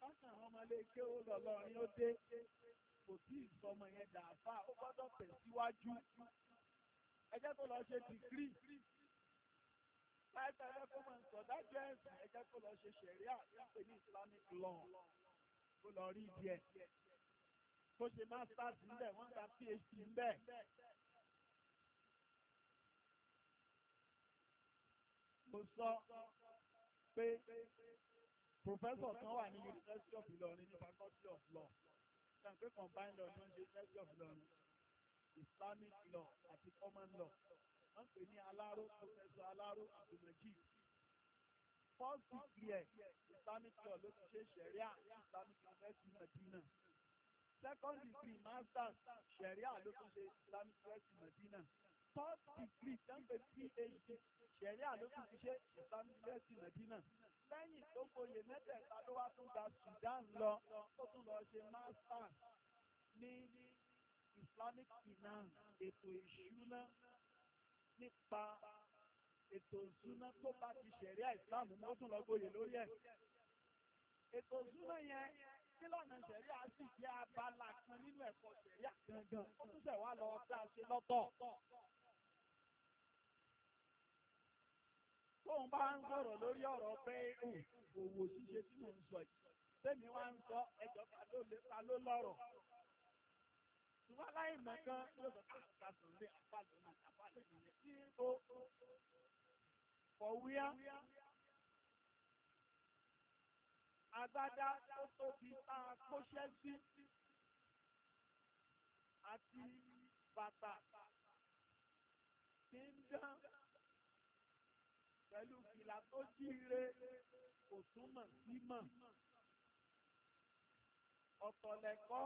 Bákan àwọn ọmọ ilé kí ó lọ lọ́rin ó dé. Kò sí ìsọmọ yẹn dàáfà, ó gbọ́dọ̀ tẹ̀síwájú. Ẹjẹ́ tó lọ ṣe dìgírì láìpẹ́ ẹgbẹ́ kó mọ̀ nǹkan dájú ẹ̀sìn ẹjẹ́ kó lọ ṣe ṣẹ̀ríà pé ní islamic law kó lọ rí ìdí ẹ̀ kó ṣe masters ńbẹ̀ wọ́n gba phd ńbẹ̀. mo sọ pé professor kan wà ní university of Ìlọrin ní faculty of law ṣàn pé combined law ni university of Ìlọrin islamic law àti common law wọ́n pè ní aláró pòfẹ́sọ̀ aláró àbùmọ̀jì first degree islamic law ló ti ṣe ṣẹ̀ríà islamic university medina second degree masters ṣẹ̀ríà ló ti ṣe islamic university medina third degree jẹ́ǹpẹ̀ phd ṣẹ̀ríà ló ti ṣe islamic university medina lẹ́yìn tó gboyè mẹ́tẹ̀ẹ̀ta ló wá tún gba sudan lọ tó tún lọ ṣe masters ní islamic finance ètò ìṣúná nípa ètò ìṣúná tó bá ti ṣẹ̀ríà ìsìláàmù mọ́ tún lọ́gbòye lórí ẹ̀. ètò ìṣúná yẹn kí lọ́nà ṣẹ̀ríà sì jẹ́ abala kan nínú ẹ̀kọ́ ṣẹ̀ríà gangan ó tún ṣẹ̀ wá lọ dá ṣe lọ́tọ̀. tóun bá ń sọ̀rọ̀ lórí ọ̀rọ̀ pé òwò ṣíṣe tí mò ń sọ yìí tẹ́mi wá ń sọ ẹjọ́ ta ló lọ́rọ̀ ṣùgbọ́n láì mọ̀kan ló sọ pé àtàkùn lé àpàlẹ̀ náà àpàlẹ̀ náà tí ó fọ̀wíá agbádá tó tóbi tá a kóṣẹ́ sí àti bàtà tí ń dán pẹ̀lú fìlà tó jíire kò túmọ̀ sí ọ̀tọ̀lẹ̀kọ́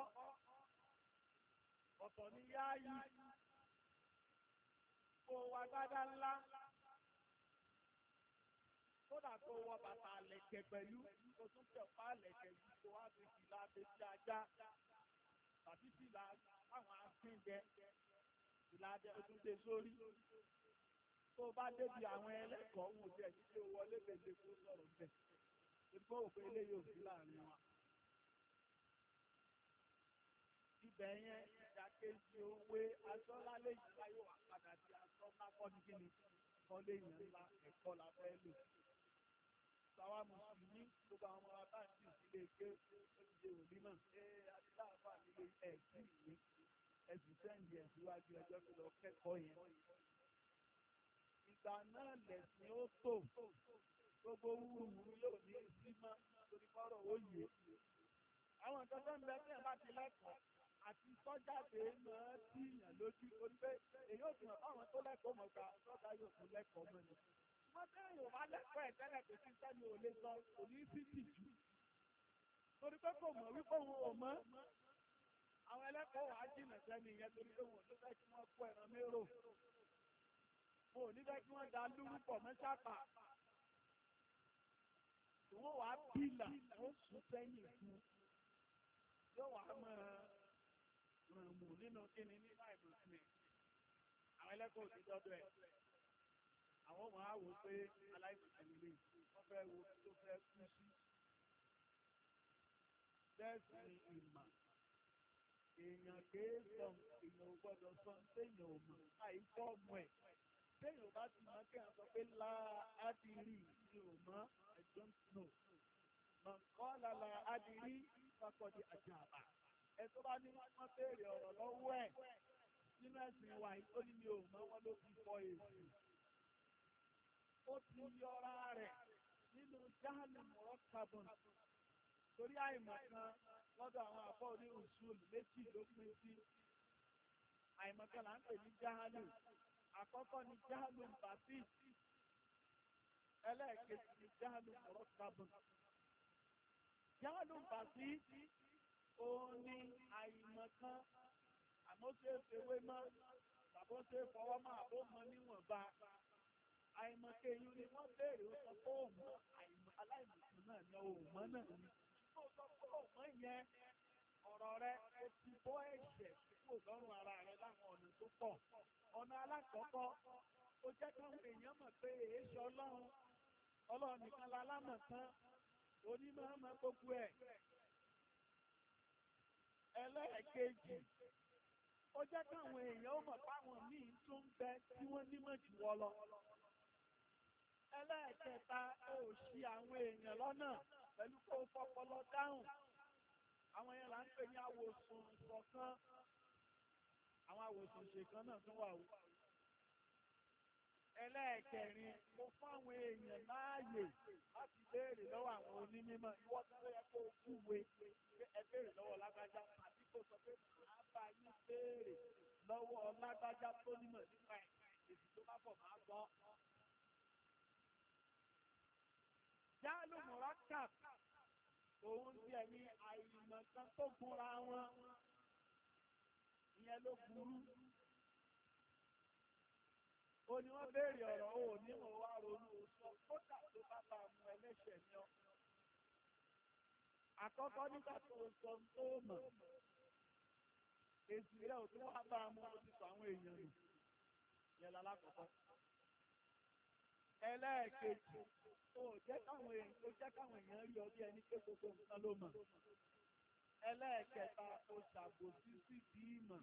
sọ ní yááyì kó wa gbádá ńlá kódà kó wọ bàtà lẹ̀kẹ̀ pẹ̀lú kó tún tẹ̀pá lẹ̀kẹ̀ yìí kó wá fi fìlà abẹ́sí ajá tàbí fìlà àwọn akíńjẹ fìlà ajá sórí tó bá débi àwọn ẹlẹ́kọ̀ọ́ wò jẹ́ nílé wọlé lèlè kó sọ̀rọ̀ bẹ̀ ìgbó òfin eléyìí òfin láàrin wa ibẹ̀ yẹn kejì òwe asọ́lá lẹ́yìn láyé wà padà sí asọ́lá kọ́ ní kíni kọ́ lẹ́yìn ńlá ẹ̀kọ́ la fẹ́ lò. Sàwa Mùsùlùmí gbogbo àwọn abáǹtì ìdílé gbé oúnjẹ òní náà. Ṣé Adílá àbá nílé ẹ̀sìn ìwé ẹ̀sìn sẹ́ǹdì ẹ̀síwájú ẹjọ́ tó lọ kẹ́kọ̀ọ́ yẹn. Ìgbà náà lẹ̀sìn ó tò gbogbo wúrúwúrú yóò ní ìsímá torí fọ́rọ̀ ó yẹ. Àwọn ìtọ́jú ń bẹ tí ẹ̀ bá ti lẹ́kọ̀ọ́ àti sọ́jáde máa tí ìyàn lójú tó pé èyí ò fihàn ọ̀run tó lẹ́kọ̀ọ́ mọ̀ ká sọ́jà yóò fún lẹ́kọ̀ọ́ mọ́ ni. wọ́n bẹ́ẹ̀ yóò wá lẹ́kọ̀ọ́ ẹ̀ tẹ́lẹ̀ kò sí sẹ́ni ò lè sọ kò ní sí tìjú. torí pé kò mọ̀ wípé òun ò mọ̀ àwọn ẹlẹ́kọ̀ọ́ wàá jìnà sẹ́ni ìyẹn torí pé wọn ò fẹ́ kí wọ́n kó ẹran mérò wọn ò ní fẹ́ kí wọ́n da lúrúpọ̀ mọ́ sápà wọ́n wàá pìlà wọ́n sùn sẹ́yìn fún yóò wàá mọ̀ nínú kí ni nínú àìmùsùlùmí àwọn ẹlẹ́kọ̀ọ́ òsì dọ́dọ̀ ẹ̀ àwọn ọmọ á pé aláìmùsùlùmí lè wọ́n fẹ́ ò bá ti mọ̀ kí n sọ láà á ti rí I don't know mọ̀kọ́ lálá á ti pápọ̀ di àjàmbá. ẹ tó bá ní wọ́n béèrè ọ̀rọ̀ lọ́wọ́ ẹ̀ nínú ẹ̀sìn wa ó ní mi ò mọ wọn ló fi fọ èsì ó ti yọra rẹ̀ nínú jáàlì mọ̀rọ̀ carbon torí àìmọ̀ kan lọ́dọ̀ àwọn àbọ̀ ní òṣùlù méjì ló pín sí àìmọ̀ kan là ń pè ní jáàlì àkọ́kọ́ ni jáàlì ẹlẹ́ẹ̀kejì ni jáàlì carbon jáàlì ó ní àìmọ̀kan àmọ́ ṣe é fewé mọ́ bàbá ṣe é fọwọ́ mọ́ àbó mọ́ níwọ̀nba àìmọ̀kẹ́ yìí ni wọ́n béèrè ó sọ pé òun mọ́ aláìmọ̀kan náà ni òun mọ́ náà ni ó sọ pé òun mọ́ ọ̀rọ̀ rẹ ó ti bọ́ ẹ̀ṣẹ̀ kúrò lọ́rùn ara rẹ láwọn ọ̀nà tó pọ̀ ọ̀nà alákọ̀ọ́kọ́ ó jẹ́ káwọn èèyàn mọ̀ pé èéṣọ́ ọlọ́run ọlọ́run nìkan la lámọ̀ tán onímọ̀ ọmọ gbogbo ẹ̀ ẹlẹ́ẹ̀kejì ó jẹ́ káwọn èèyàn ó mọ̀ táwọn míì tó ń bẹ tí wọ́n nímọ̀ jù wọ́ lọ ẹlẹ́ẹ̀kẹta ó ṣì àwọn èèyàn lọ́nà pẹ̀lú kó fọpọlọ dáhùn àwọn yẹn là ń pè ní awòsùn sọ̀kan àwọn awòsùn ṣèkan náà tún wà wọ́n ẹlẹ́ẹ̀kẹrin mo fáwọn èèyàn láàyè láti béèrè lọ́wọ́ àwọn onímọ̀ ìwọ́n tó yẹ kó júwe ẹ béèrè lọ́wọ́ lágbájá àti kó sọ pé màá bá yín béèrè lọ́wọ́ lágbájá tó nímọ̀ nípa ẹ̀ èsì tó bá bọ̀ máa gbọ́. Jálù Mùrákàp òun ti ẹ̀mí àìmọ̀kan tó gunra wọn ìyẹn ló burú ó ní wọ́n béèrè ọ̀rọ̀ ó ní mo wá ronú sọ kódà tó bá bá mu ẹlẹ́ṣẹ̀ ní ọ. àkọ́kọ́ nígbà tó sọ tó mọ̀ èsì rẹ̀ ò tó wá bá mu ó ti sọ àwọn èèyàn nù yẹn lálákọ̀ọ́kọ́. ẹlẹ́ẹ̀kejì o jẹ́ káwọn èèyàn ó jẹ́ káwọn èèyàn rí ọ bí ẹni pé gbogbo nǹkan ló mọ̀. ẹlẹ́ẹ̀kẹta ó ṣàbòsí sí bí ìmọ̀.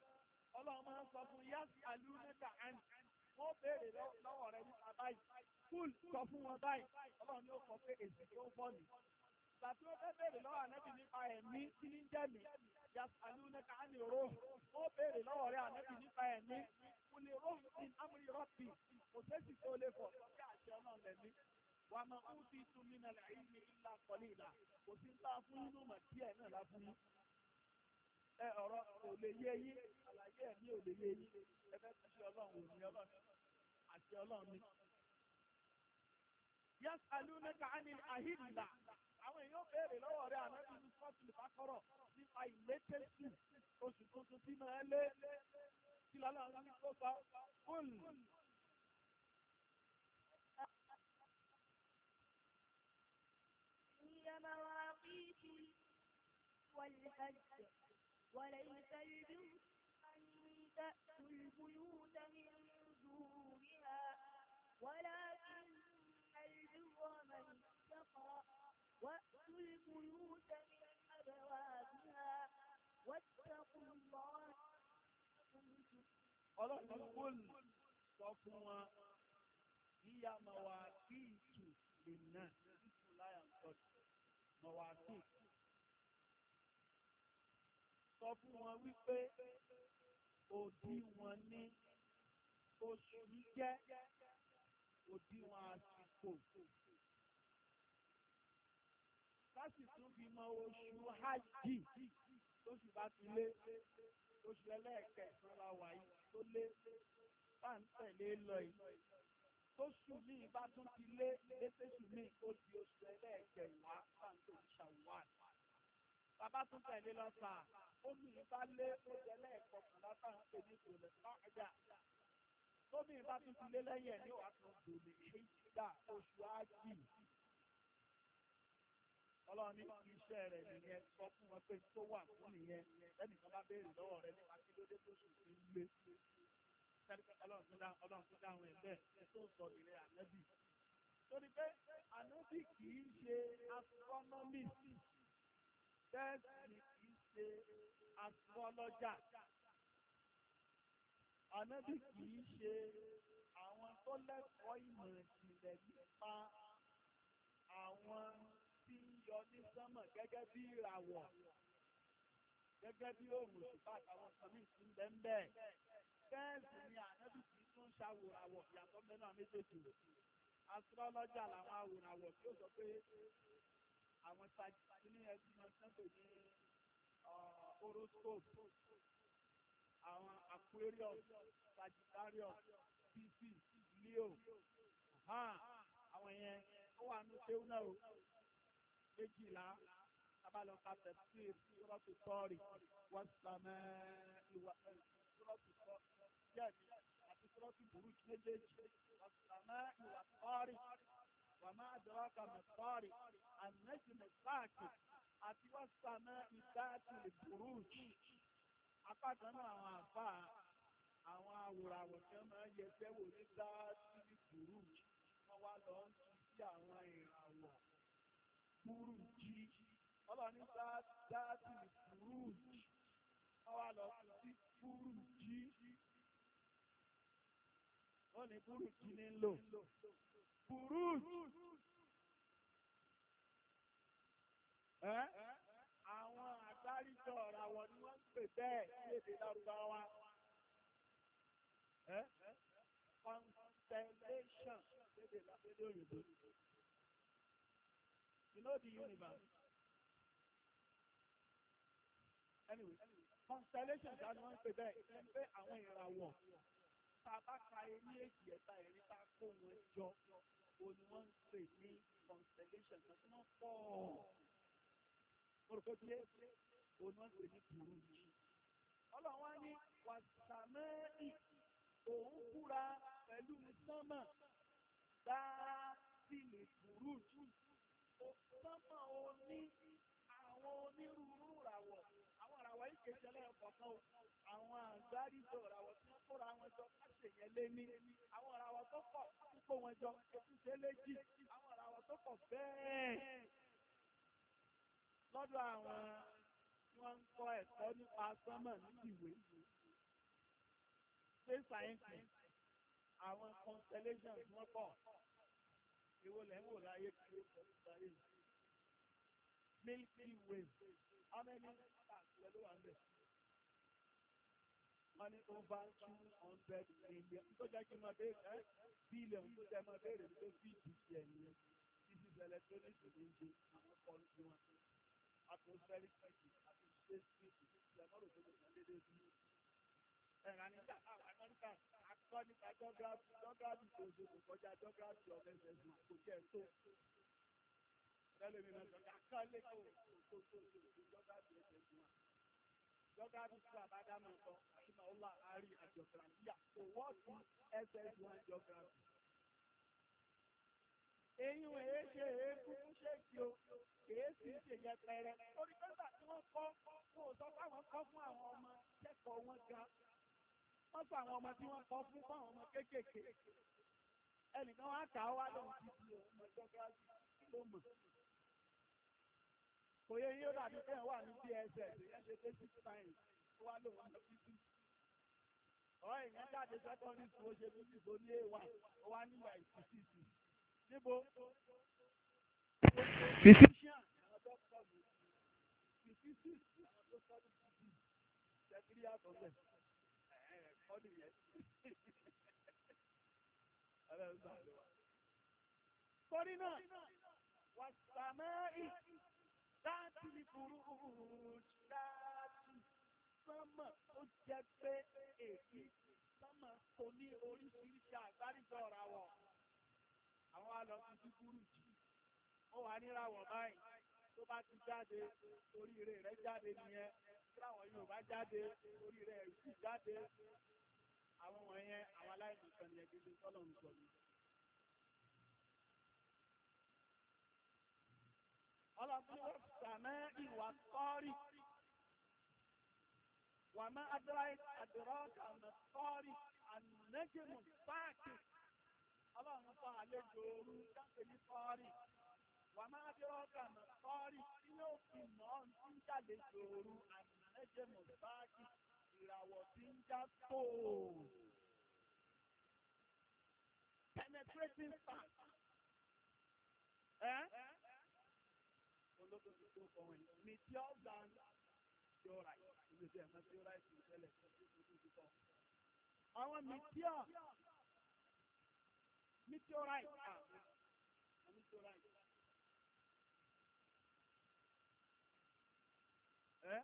ọlọ́run máa ń sọ fún yásí alúmẹ́ta àní wọ́n béèrè lọ́wọ́ rẹ̀ nípa báyìí kúl sọ fún wọn báyìí ọlọ́run yóò kọ pé èsì tó ń bọ̀ ní. Tàbí ó fẹ́ béèrè lọ́wọ́ ànẹ́bì nípa ẹ̀mí tí ní jẹ́mi yásí alúmẹ́ta àní ró wọ́n béèrè lọ́wọ́ rẹ̀ ànẹ́bì nípa ẹ̀mí kúlẹ̀ ró ní amúrí rọ́pì kò sẹ́sì tó lè fọ̀ sí àṣẹ ọlọ́run lẹ́mí wà ẹ ọ̀rọ̀ kò lè yé yí àlàyé ẹ̀mí ò lè yé yí ẹgbẹ́ ti ṣe ọlọ́run òní ọlọ́run àti ọlọ́run ni. yẹ́sì alúnẹ́ka ánì àhìlà àwọn èèyàn béèrè lọ́wọ́ rẹ̀ ànábì ní sọ́ọ̀tì bákọ́rọ̀ nípa ìlétẹ́sì oṣù tuntun tí máa lé kí lọ́lọ́run ní kó sọ fúlù هي مواقيت والفجر وليس البر أن تأتوا البيوت من ظهورها ولكن البر من اتقى وأتوا البيوت من أبوابها واتقوا الله قل sọ fún wọn sọ fún wọn wípé òdí wọn ní oṣù yìí jẹ́ òdí wọn àsìkò láti tún fi mọ oṣù hajj tóṣù bá ti lé oṣù ẹlẹ́ẹ̀kẹsàn-án la wà yìí tó lé bá ń tẹ̀lé lọ yìí tóṣù míì bá tún ti lé létẹ́sù míì ó di oṣù ẹlẹ́ẹ̀kẹwàá bá tún tẹ̀lé lọ sà obìnrin bá lé ó jẹ lẹ́ẹ̀kọ́ kù látàrí pé ní kò lè sá ọjà tóbìnrin bá tún ti lé lẹ́yìn ẹ̀ ní wàá tún dòlè ìgbà oṣù ájì ọlọ́run ní iṣẹ́ rẹ̀ nìyẹn sọ fún wọn pé tó wà fún nìyẹn lẹ́nìkan bá béèrè lọ́wọ́ rẹ̀ nípa kí ló dé tó sùn sí ilé ọlọ́run tó dáhùn ẹ̀ bẹ́ẹ̀ tó sọ ìrẹ́ ànábì torí pé ànábì kì í ṣe astronomy tẹ́sì kìí ṣe astrologer anábì kìí ṣe àwọn tó lẹ́kọ̀ọ́ ìmọ̀ ìjìnlẹ̀ nípa àwọn tí ń yọ ní sánmọ̀ gẹ́gẹ́ bí ìràwọ̀ gẹ́gẹ́ bí òòrùn òṣùpá àtàwọn nǹkan míì ti ń bẹ́ ń bẹ́ẹ̀ tẹ́sì ni anábì kìí tún ṣàwòràwọ̀ ìyàtọ̀ mẹ́nu àméjèèjì astrologer làwọn àwòràwọ̀ tí ó sọ pé àwọn sáàjì ní ẹgbẹ́ wọn sẹ́pẹ̀ ní horoscope àwọn aquarius sagittarius pisces leo àwọn yẹn ó wà ní tẹ́wọ́ náà o méjìlá abalọ́ka tẹ̀síìr rọ́tù tọ́ọ̀rì wọ́n sàmẹ́ ìwà rọ́tù tọ́ọ̀rì yẹ́nì àti rọ́tù burúkú méjèèjì wọ́n sàmẹ́ ìwà tọ́ọ̀rì wàmá àdọ́ráka mẹ́fọ́rì ànẹ́jìmẹ̀ sáàkì àti wàsàmẹ́ ìdáàtì ìbùrúùjì apáta náà àwọn àfà àwọn awòràwọ̀ tí wọ́n máa ń yẹ tẹ́wò ní dáàtì ìbùrúùjì wọ́n wá lọ ń tu sí àwọn ìràwọ̀ bùrúùjì ọlọ́run ní dáàtì ìbùrúùjì wọ́n wá lọ tu sí bùrúùjì wọ́n ní bùrúùjì ní lò buruj àwọn àgbáríjọ ọ̀rọ̀ àwọn ni wọ́n ń pè bẹ́ẹ̀ ní èdè lárúbáwá constellation lédè lábẹ́lẹ́ òyìnbó you know the universe anyway constellation ta ni wọ́n ń pè bẹ́ẹ̀ pé àwọn ìràwọ̀ tá ẹni èjì ẹ̀ta ẹ̀rin kó wọn jọ òun ni wọ́n ń pè ní constellation kan tí wọ́n pọ̀ orúkọ tí òun wọ́n ń pè ní burúkú ọlọ́wọ́ ní wàtàmẹ́rì òun búra pẹ̀lú sánmà dáàtìlì burúkú sánmà oní àwọn onírúurú ràwọ̀ àwọn ràwọ̀ ìkejì ẹlẹ́yọ̀ kọ̀ọ̀kan àwọn àgbáríjọ ràwọ̀ kóra wọn jọ káṣe yẹn lé ní àwọn ìràwọ̀ tó pọ̀ púpọ̀ wọn jọ ètúnṣe léjì àwọn ìràwọ̀ tó pọ̀ bẹ́ẹ̀ lọ́dọ̀ àwọn tí wọ́n ń kọ́ ẹ̀kọ́ nípa sánmọ̀ nídìíwé space scientist àwọn constellation tí wọ́n pọ̀ ìwò lẹ́ ń wò láyé kí ó sọ fún ayé Milky Way how many stars lẹ́lọ́wọ́ ń bẹ̀? wọ́n ní over two hundred million tó jẹ́ kí máa béèrè ẹ́ bílíọ̀n tó jẹ́ máa béèrè tó bí ìdíje ẹ̀yìn títí electronics ní ṣe àwọn kọlu tí wọ́n ṣe atmospheric crisis àti space crisis lẹ́mọ́rò tó lè sàn déédéé sí ẹ̀rọ nígbà amẹ́ríkà akọ́nípa geography geography tó ṣe kò kọjá geography of ss kò jẹ́ tó tẹ́lẹ̀mí náà sọ̀rọ̀ akọ́lé kò tó tó tó geography ss1 tó àbádámọ̀ kan Allah wee at your frontier. So what is ṣe èé fún tí fáwọn fún àwọn ọmọ kẹ́kọ̀ọ́ wọn ga. àwọn fún ọmọ kéékèèké. Ẹnìkan ọmọ ló kò yẹ dàbí wà ní bss ọ̀rọ̀ ìyẹn jáde sẹ́kọ́ndì tí ó ṣe bí ìbò ní èèwà ó wá nígbà ìfìsìsì níbo physician Torí náà, wà sàmẹ́rì láti ní burúkú láti sánmọ̀ jẹ́ pé èsì sọ́mọ kò ní oríṣiríṣi àgbáríjọ ràwọ̀ àwọn alọ́ ti dúkúrú jù ó wà níràwọ̀ báyìí tó bá ti jáde oríire rẹ̀ jáde nìyẹn tíráwọ̀ yóò bá jáde oríire rẹ̀ sì jáde àwọn wọ̀nyẹn àwọn aláìsàn ìyẹn gidi sọ́lọ̀ ń sọ̀rọ̀ ọlọ́pàá ìwà sọ́ọ̀rì wà má adúláì àdúrọ́kà mẹ́fọ́rì ànẹ́jẹ̀mù páàkì ọlọ́run fún àlejò ooru jáde ní fọ́ọ̀rì wà má adúrọ́kà mẹ́fọ́rì tí yóò fi mọ́ ní jáde ooru ànẹ́jẹ̀mù páàkì ìràwọ̀ tí ń já tóo. penetrating star. Eh? Olódodo tó kọ̀wé. Meteor than your right àwọn mìtíọ̀ mìtíọ̀ráìtì ẹ́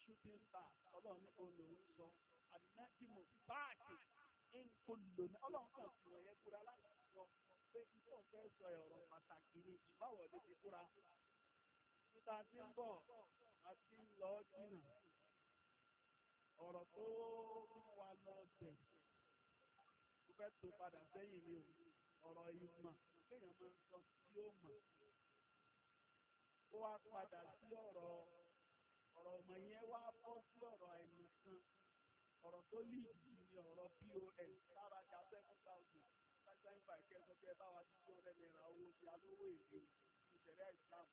shooting star ọlọ́run ní olóhùn ọlọ́run kan sì wọ̀nyẹ kúra láti sọ pé ìfọ̀ sọ ọ̀rọ̀ pàtàkì ní ìbáwọ̀ lè ti kúra àti lọ jìnà ọ̀rọ̀ tó mú wa lọ bẹ̀ mo fẹ́ tó padà sẹ́yìn ni o ọ̀rọ̀ ìmọ̀ kéèyàn máa ń sọ tí ó mọ̀ ó wá padà sí ọ̀rọ̀ ọ̀rọ̀ ọmọ yẹn wá bọ́ sí ọ̀rọ̀ àìmọ̀kan ọ̀rọ̀ tó lè jì ní ọ̀rọ̀ pos lára jà seven thousand five seven five kẹsàn-án bá wa ti tí ó rẹ̀ lè ra owó sí alówó èdè ìṣẹ̀lẹ̀ ìsìlámù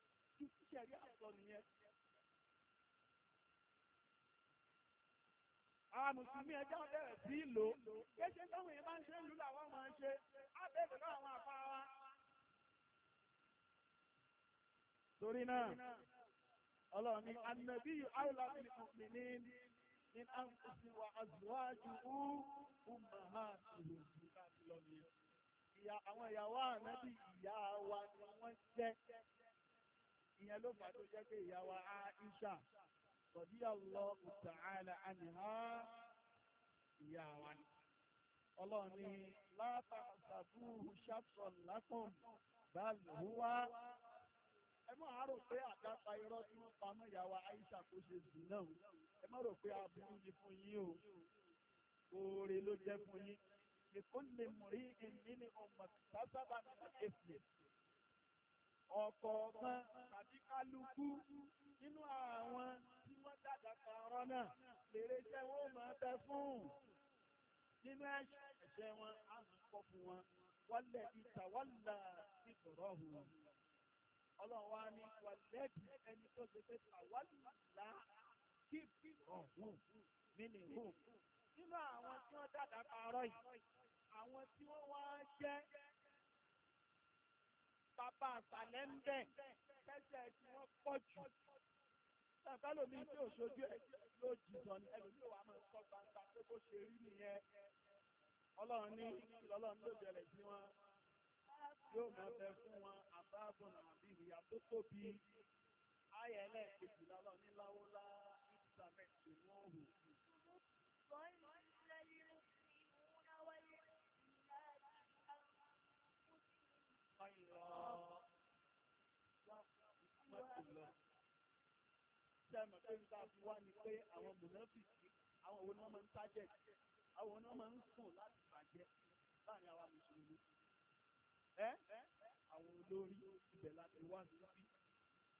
tí ṣẹ̀rí àṣọ nìyẹn àwọn mùsùlùmí ẹjọ́ bẹ̀rẹ̀ sí lò kéṣe táwọn èèyàn ń ṣe ń lù làwọn máa ṣe á bẹ̀rẹ̀ lọ àwọn àpá wa torí náà ọlọ́run annabi aula bin mu'minin min anfusihim wa azwajuhum ummahatuhum ìyá àwọn ìyàwó ànábì ìyá wa ni wọ́n jẹ́ ìyẹn ló fà tó jẹ́ pé ìyàwó Aisha radiyallahu ta'ala anha ìyá wa ni ọlọ́run ni ṣàtọ̀ látọ̀m bá lùhúwá ẹ má pé àdápa irọ́ tí wọ́n pamọ́ ìyàwó Aisha kó ṣe zì náà ẹ rò pé aburú ni fún yín o oore ló jẹ́ fún yín nìkan lè mú rí ìní ní ẹ̀fẹ̀ ọ̀kọ̀ọ̀kan tàbí kálukú nínú àwọn tí wọ́n dàgbà kààrọ̀ náà lèrè jẹ́ wọ́n máa bẹ fún nínú ẹ̀ṣẹ̀ wọn á mú kọ́ fún wọn wọ́lẹ̀ ìtàwọ́là ìtọ̀rọ̀ hùn ọlọ́wà ní wàlẹ́bí ẹni tó ṣe pé tàwọ́là ìtọ̀rọ̀ hùn nínú hùn nínú àwọn tí wọ́n dàgbà kààrọ̀ yìí àwọn tí wọ́n wá jẹ́ bàbá àṣàlẹ̀ ń tí wọ́n pọ̀ jù ẹ̀fẹ́ lómi tí ò ẹ̀ yóò jìjọ ní ẹlòmí wa máa ń kọ́ gbangba pé bó ṣe rí nìyẹn ọlọ́run ní ìlọ́lọ́run ló bẹ̀rẹ̀ sí wọn yóò máa bẹ fún wọn àbáàbọ̀n àbí ìyá tó tóbi ayẹlẹ kejì lọ́lọ́ ní láwọ́lá ìsàmẹ̀ wọ́n hù. Ọ̀yọ̀ sẹ́mọ̀ pé ń tàbí wá ní pé àwọn mùnáfìkì àwọn òun náà máa ń tájẹ̀ àwọn òun náà máa ń sùn láti bàjẹ́ láàrin àwa mùsùlùmí ẹ́ àwọn olórí ibẹ̀ láti wá síbí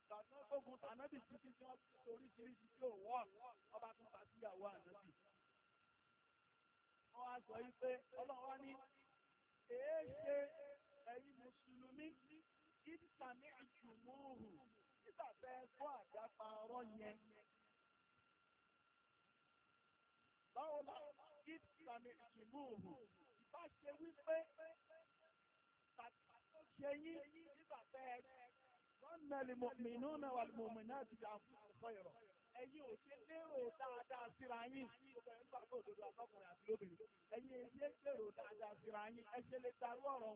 tàbí gbógun tànábì títí tí wọ́n ti oríṣiríṣi tí ò wọ́ ọba tún ta síyàwó ànábì wọ́n á sọ wípé ọlọ́run wá ní èé ṣe ẹ̀yin mùsùlùmí ìtàmì ìjùmọ̀ọ̀hùn nígbà tẹ́ gbọ́ àjápa ọ̀rọ̀ yẹn báwo la kí sàmì ìtùnú bá ṣe wípé ṣe yí nígbà tẹ́ wọ́n mẹ́lì mọ̀mìnú náà wà mọ̀mìnú náà ti dà fún ọ̀rọ̀ ìrọ̀ ẹ̀yin ò ṣe lérò dáadáa síra yín ọkùnrin ò ṣe lérò dáadáa síra yín ẹ ṣe lè tarú ọ̀rọ̀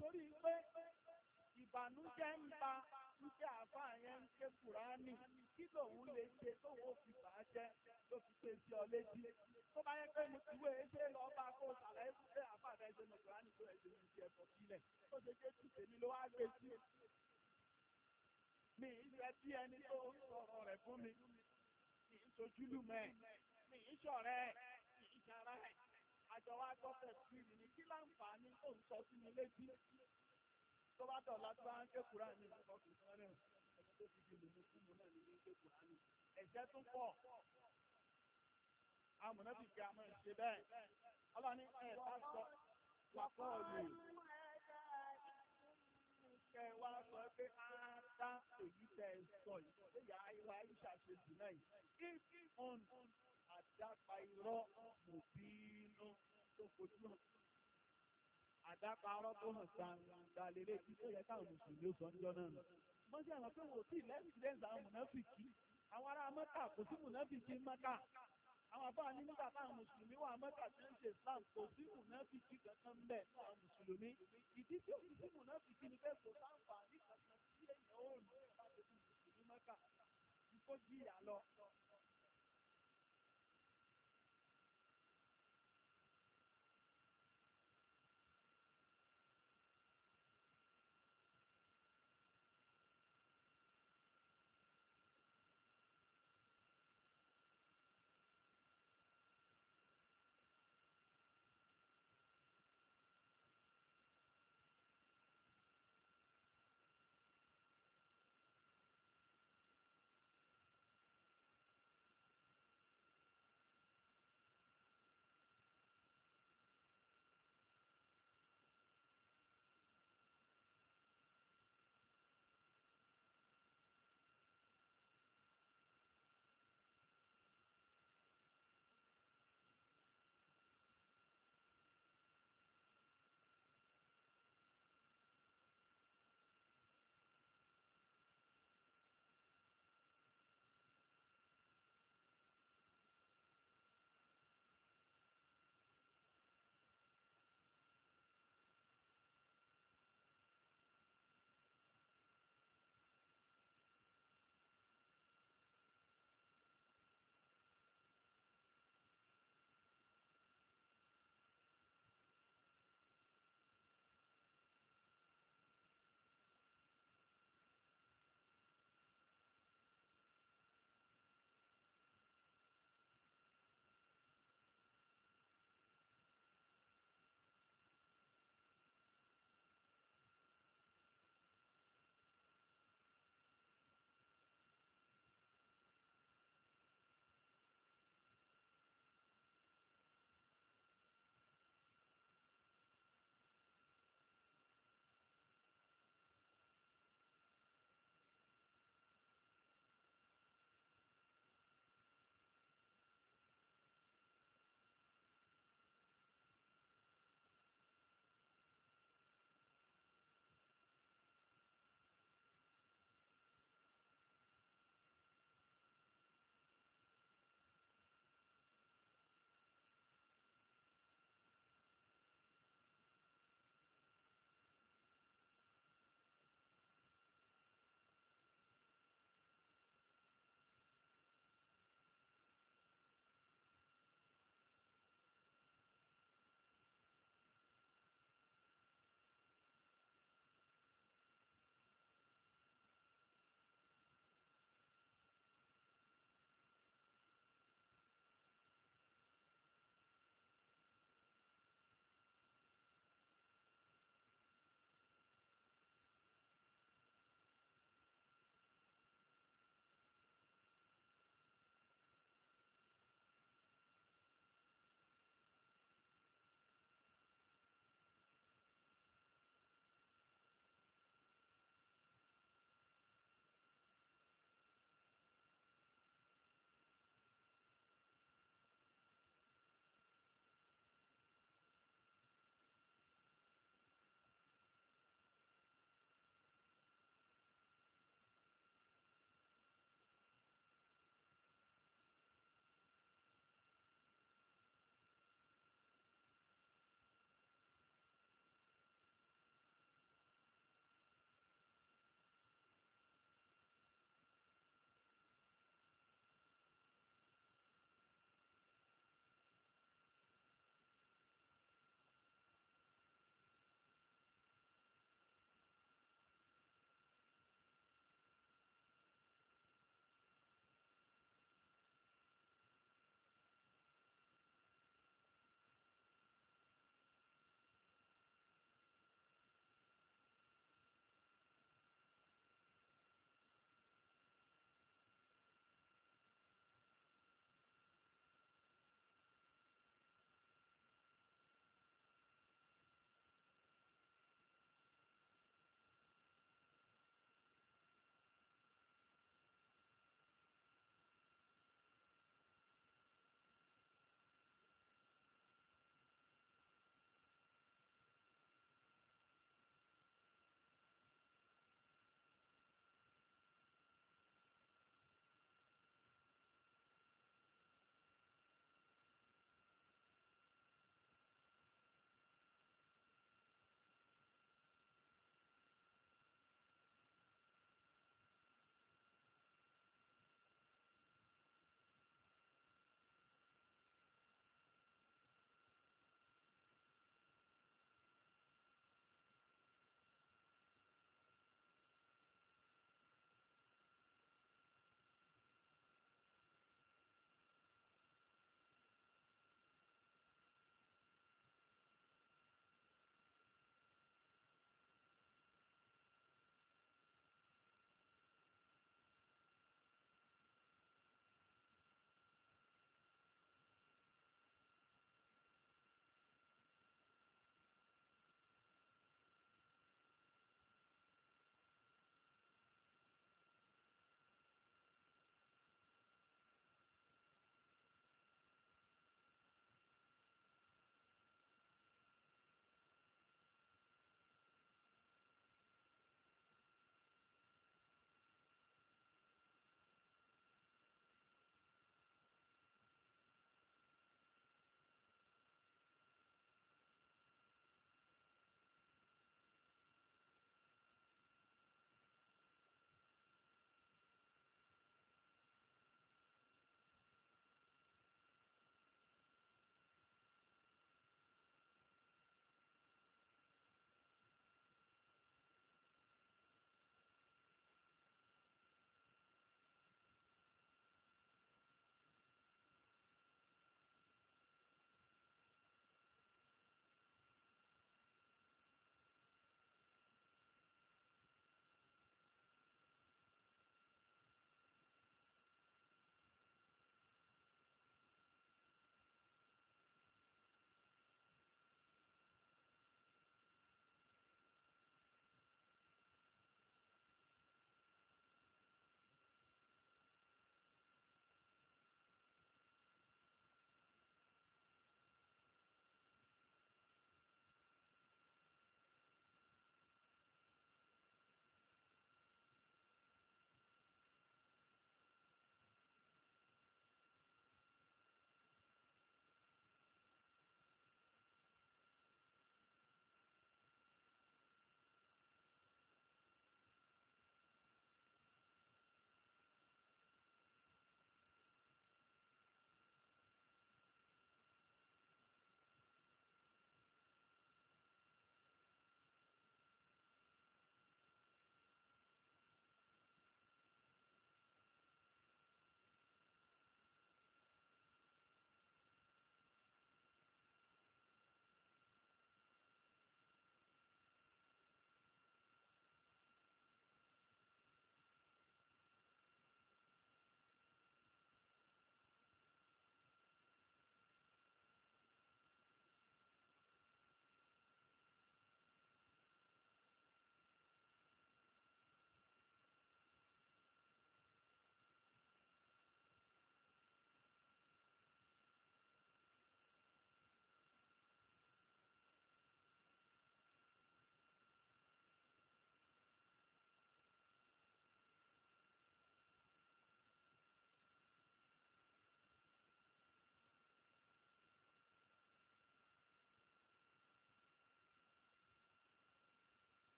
torí pé ìbànújẹ́ ń ba iṣẹ́ àfáà yẹn ń ké kùránì kí lòun lè ṣe tóun fi bà á jẹ́ ló fi pé sí ọ létí tó bá yẹ pé mo ti wé e, ṣé lọ bá kó ṣàlàyé fún pé àfáà ṣe mo kùránì tó ẹ̀ṣẹ̀ mi ti ẹ̀fọ́ sílẹ̀ tó ṣe jẹ́ tù tèmi ló wá gbé sí mi ìṣẹ́ bí ẹni tó sọ̀rọ̀ rẹ̀ fún mi mi ń sojúlùmọ̀ ẹ̀ mi ń ṣọ̀rẹ́ ẹ̀ mi ń ṣara ẹ̀ àjọ wa gbọ́fẹ̀ sí mi láǹfààní tó ń sọ sí mi létí tó bá tọ̀ láti bá ń ké kúrà ní ìfọ̀kùn tó fi di lòmú fún mi náà ní ké kúrà ní ẹ̀ bá sọ wàpọ̀ òye kẹ sọ pé á dá èyí tẹ sọ yìí ìwà àyíṣà ṣe jù náà yìí if on àdápa irọ́ mòbínú tó fojú hàn àdáparọ́ tó hàn gbangba lélẹ́ tí ó yẹ káwọn mùsùlùmí ó sọ níjọ́ náà nù. wọ́n àwọn pé wò sí lẹ́sìdẹ́ǹsì àwọn mùnáfìkì àwọn ará mọ́tà kò sí mùnáfìkì mọ́tà àwọn àbá ní nígbà táwọn mùsùlùmí wà mọ́tà tí ń ṣe islam kò sí mùnáfìkì kankan bẹ́ẹ̀ àwọn mùsùlùmí ìdí tí ó sí mùnáfìkì ni bẹ́ẹ̀ kò ní kankan tí èèyàn ó rìn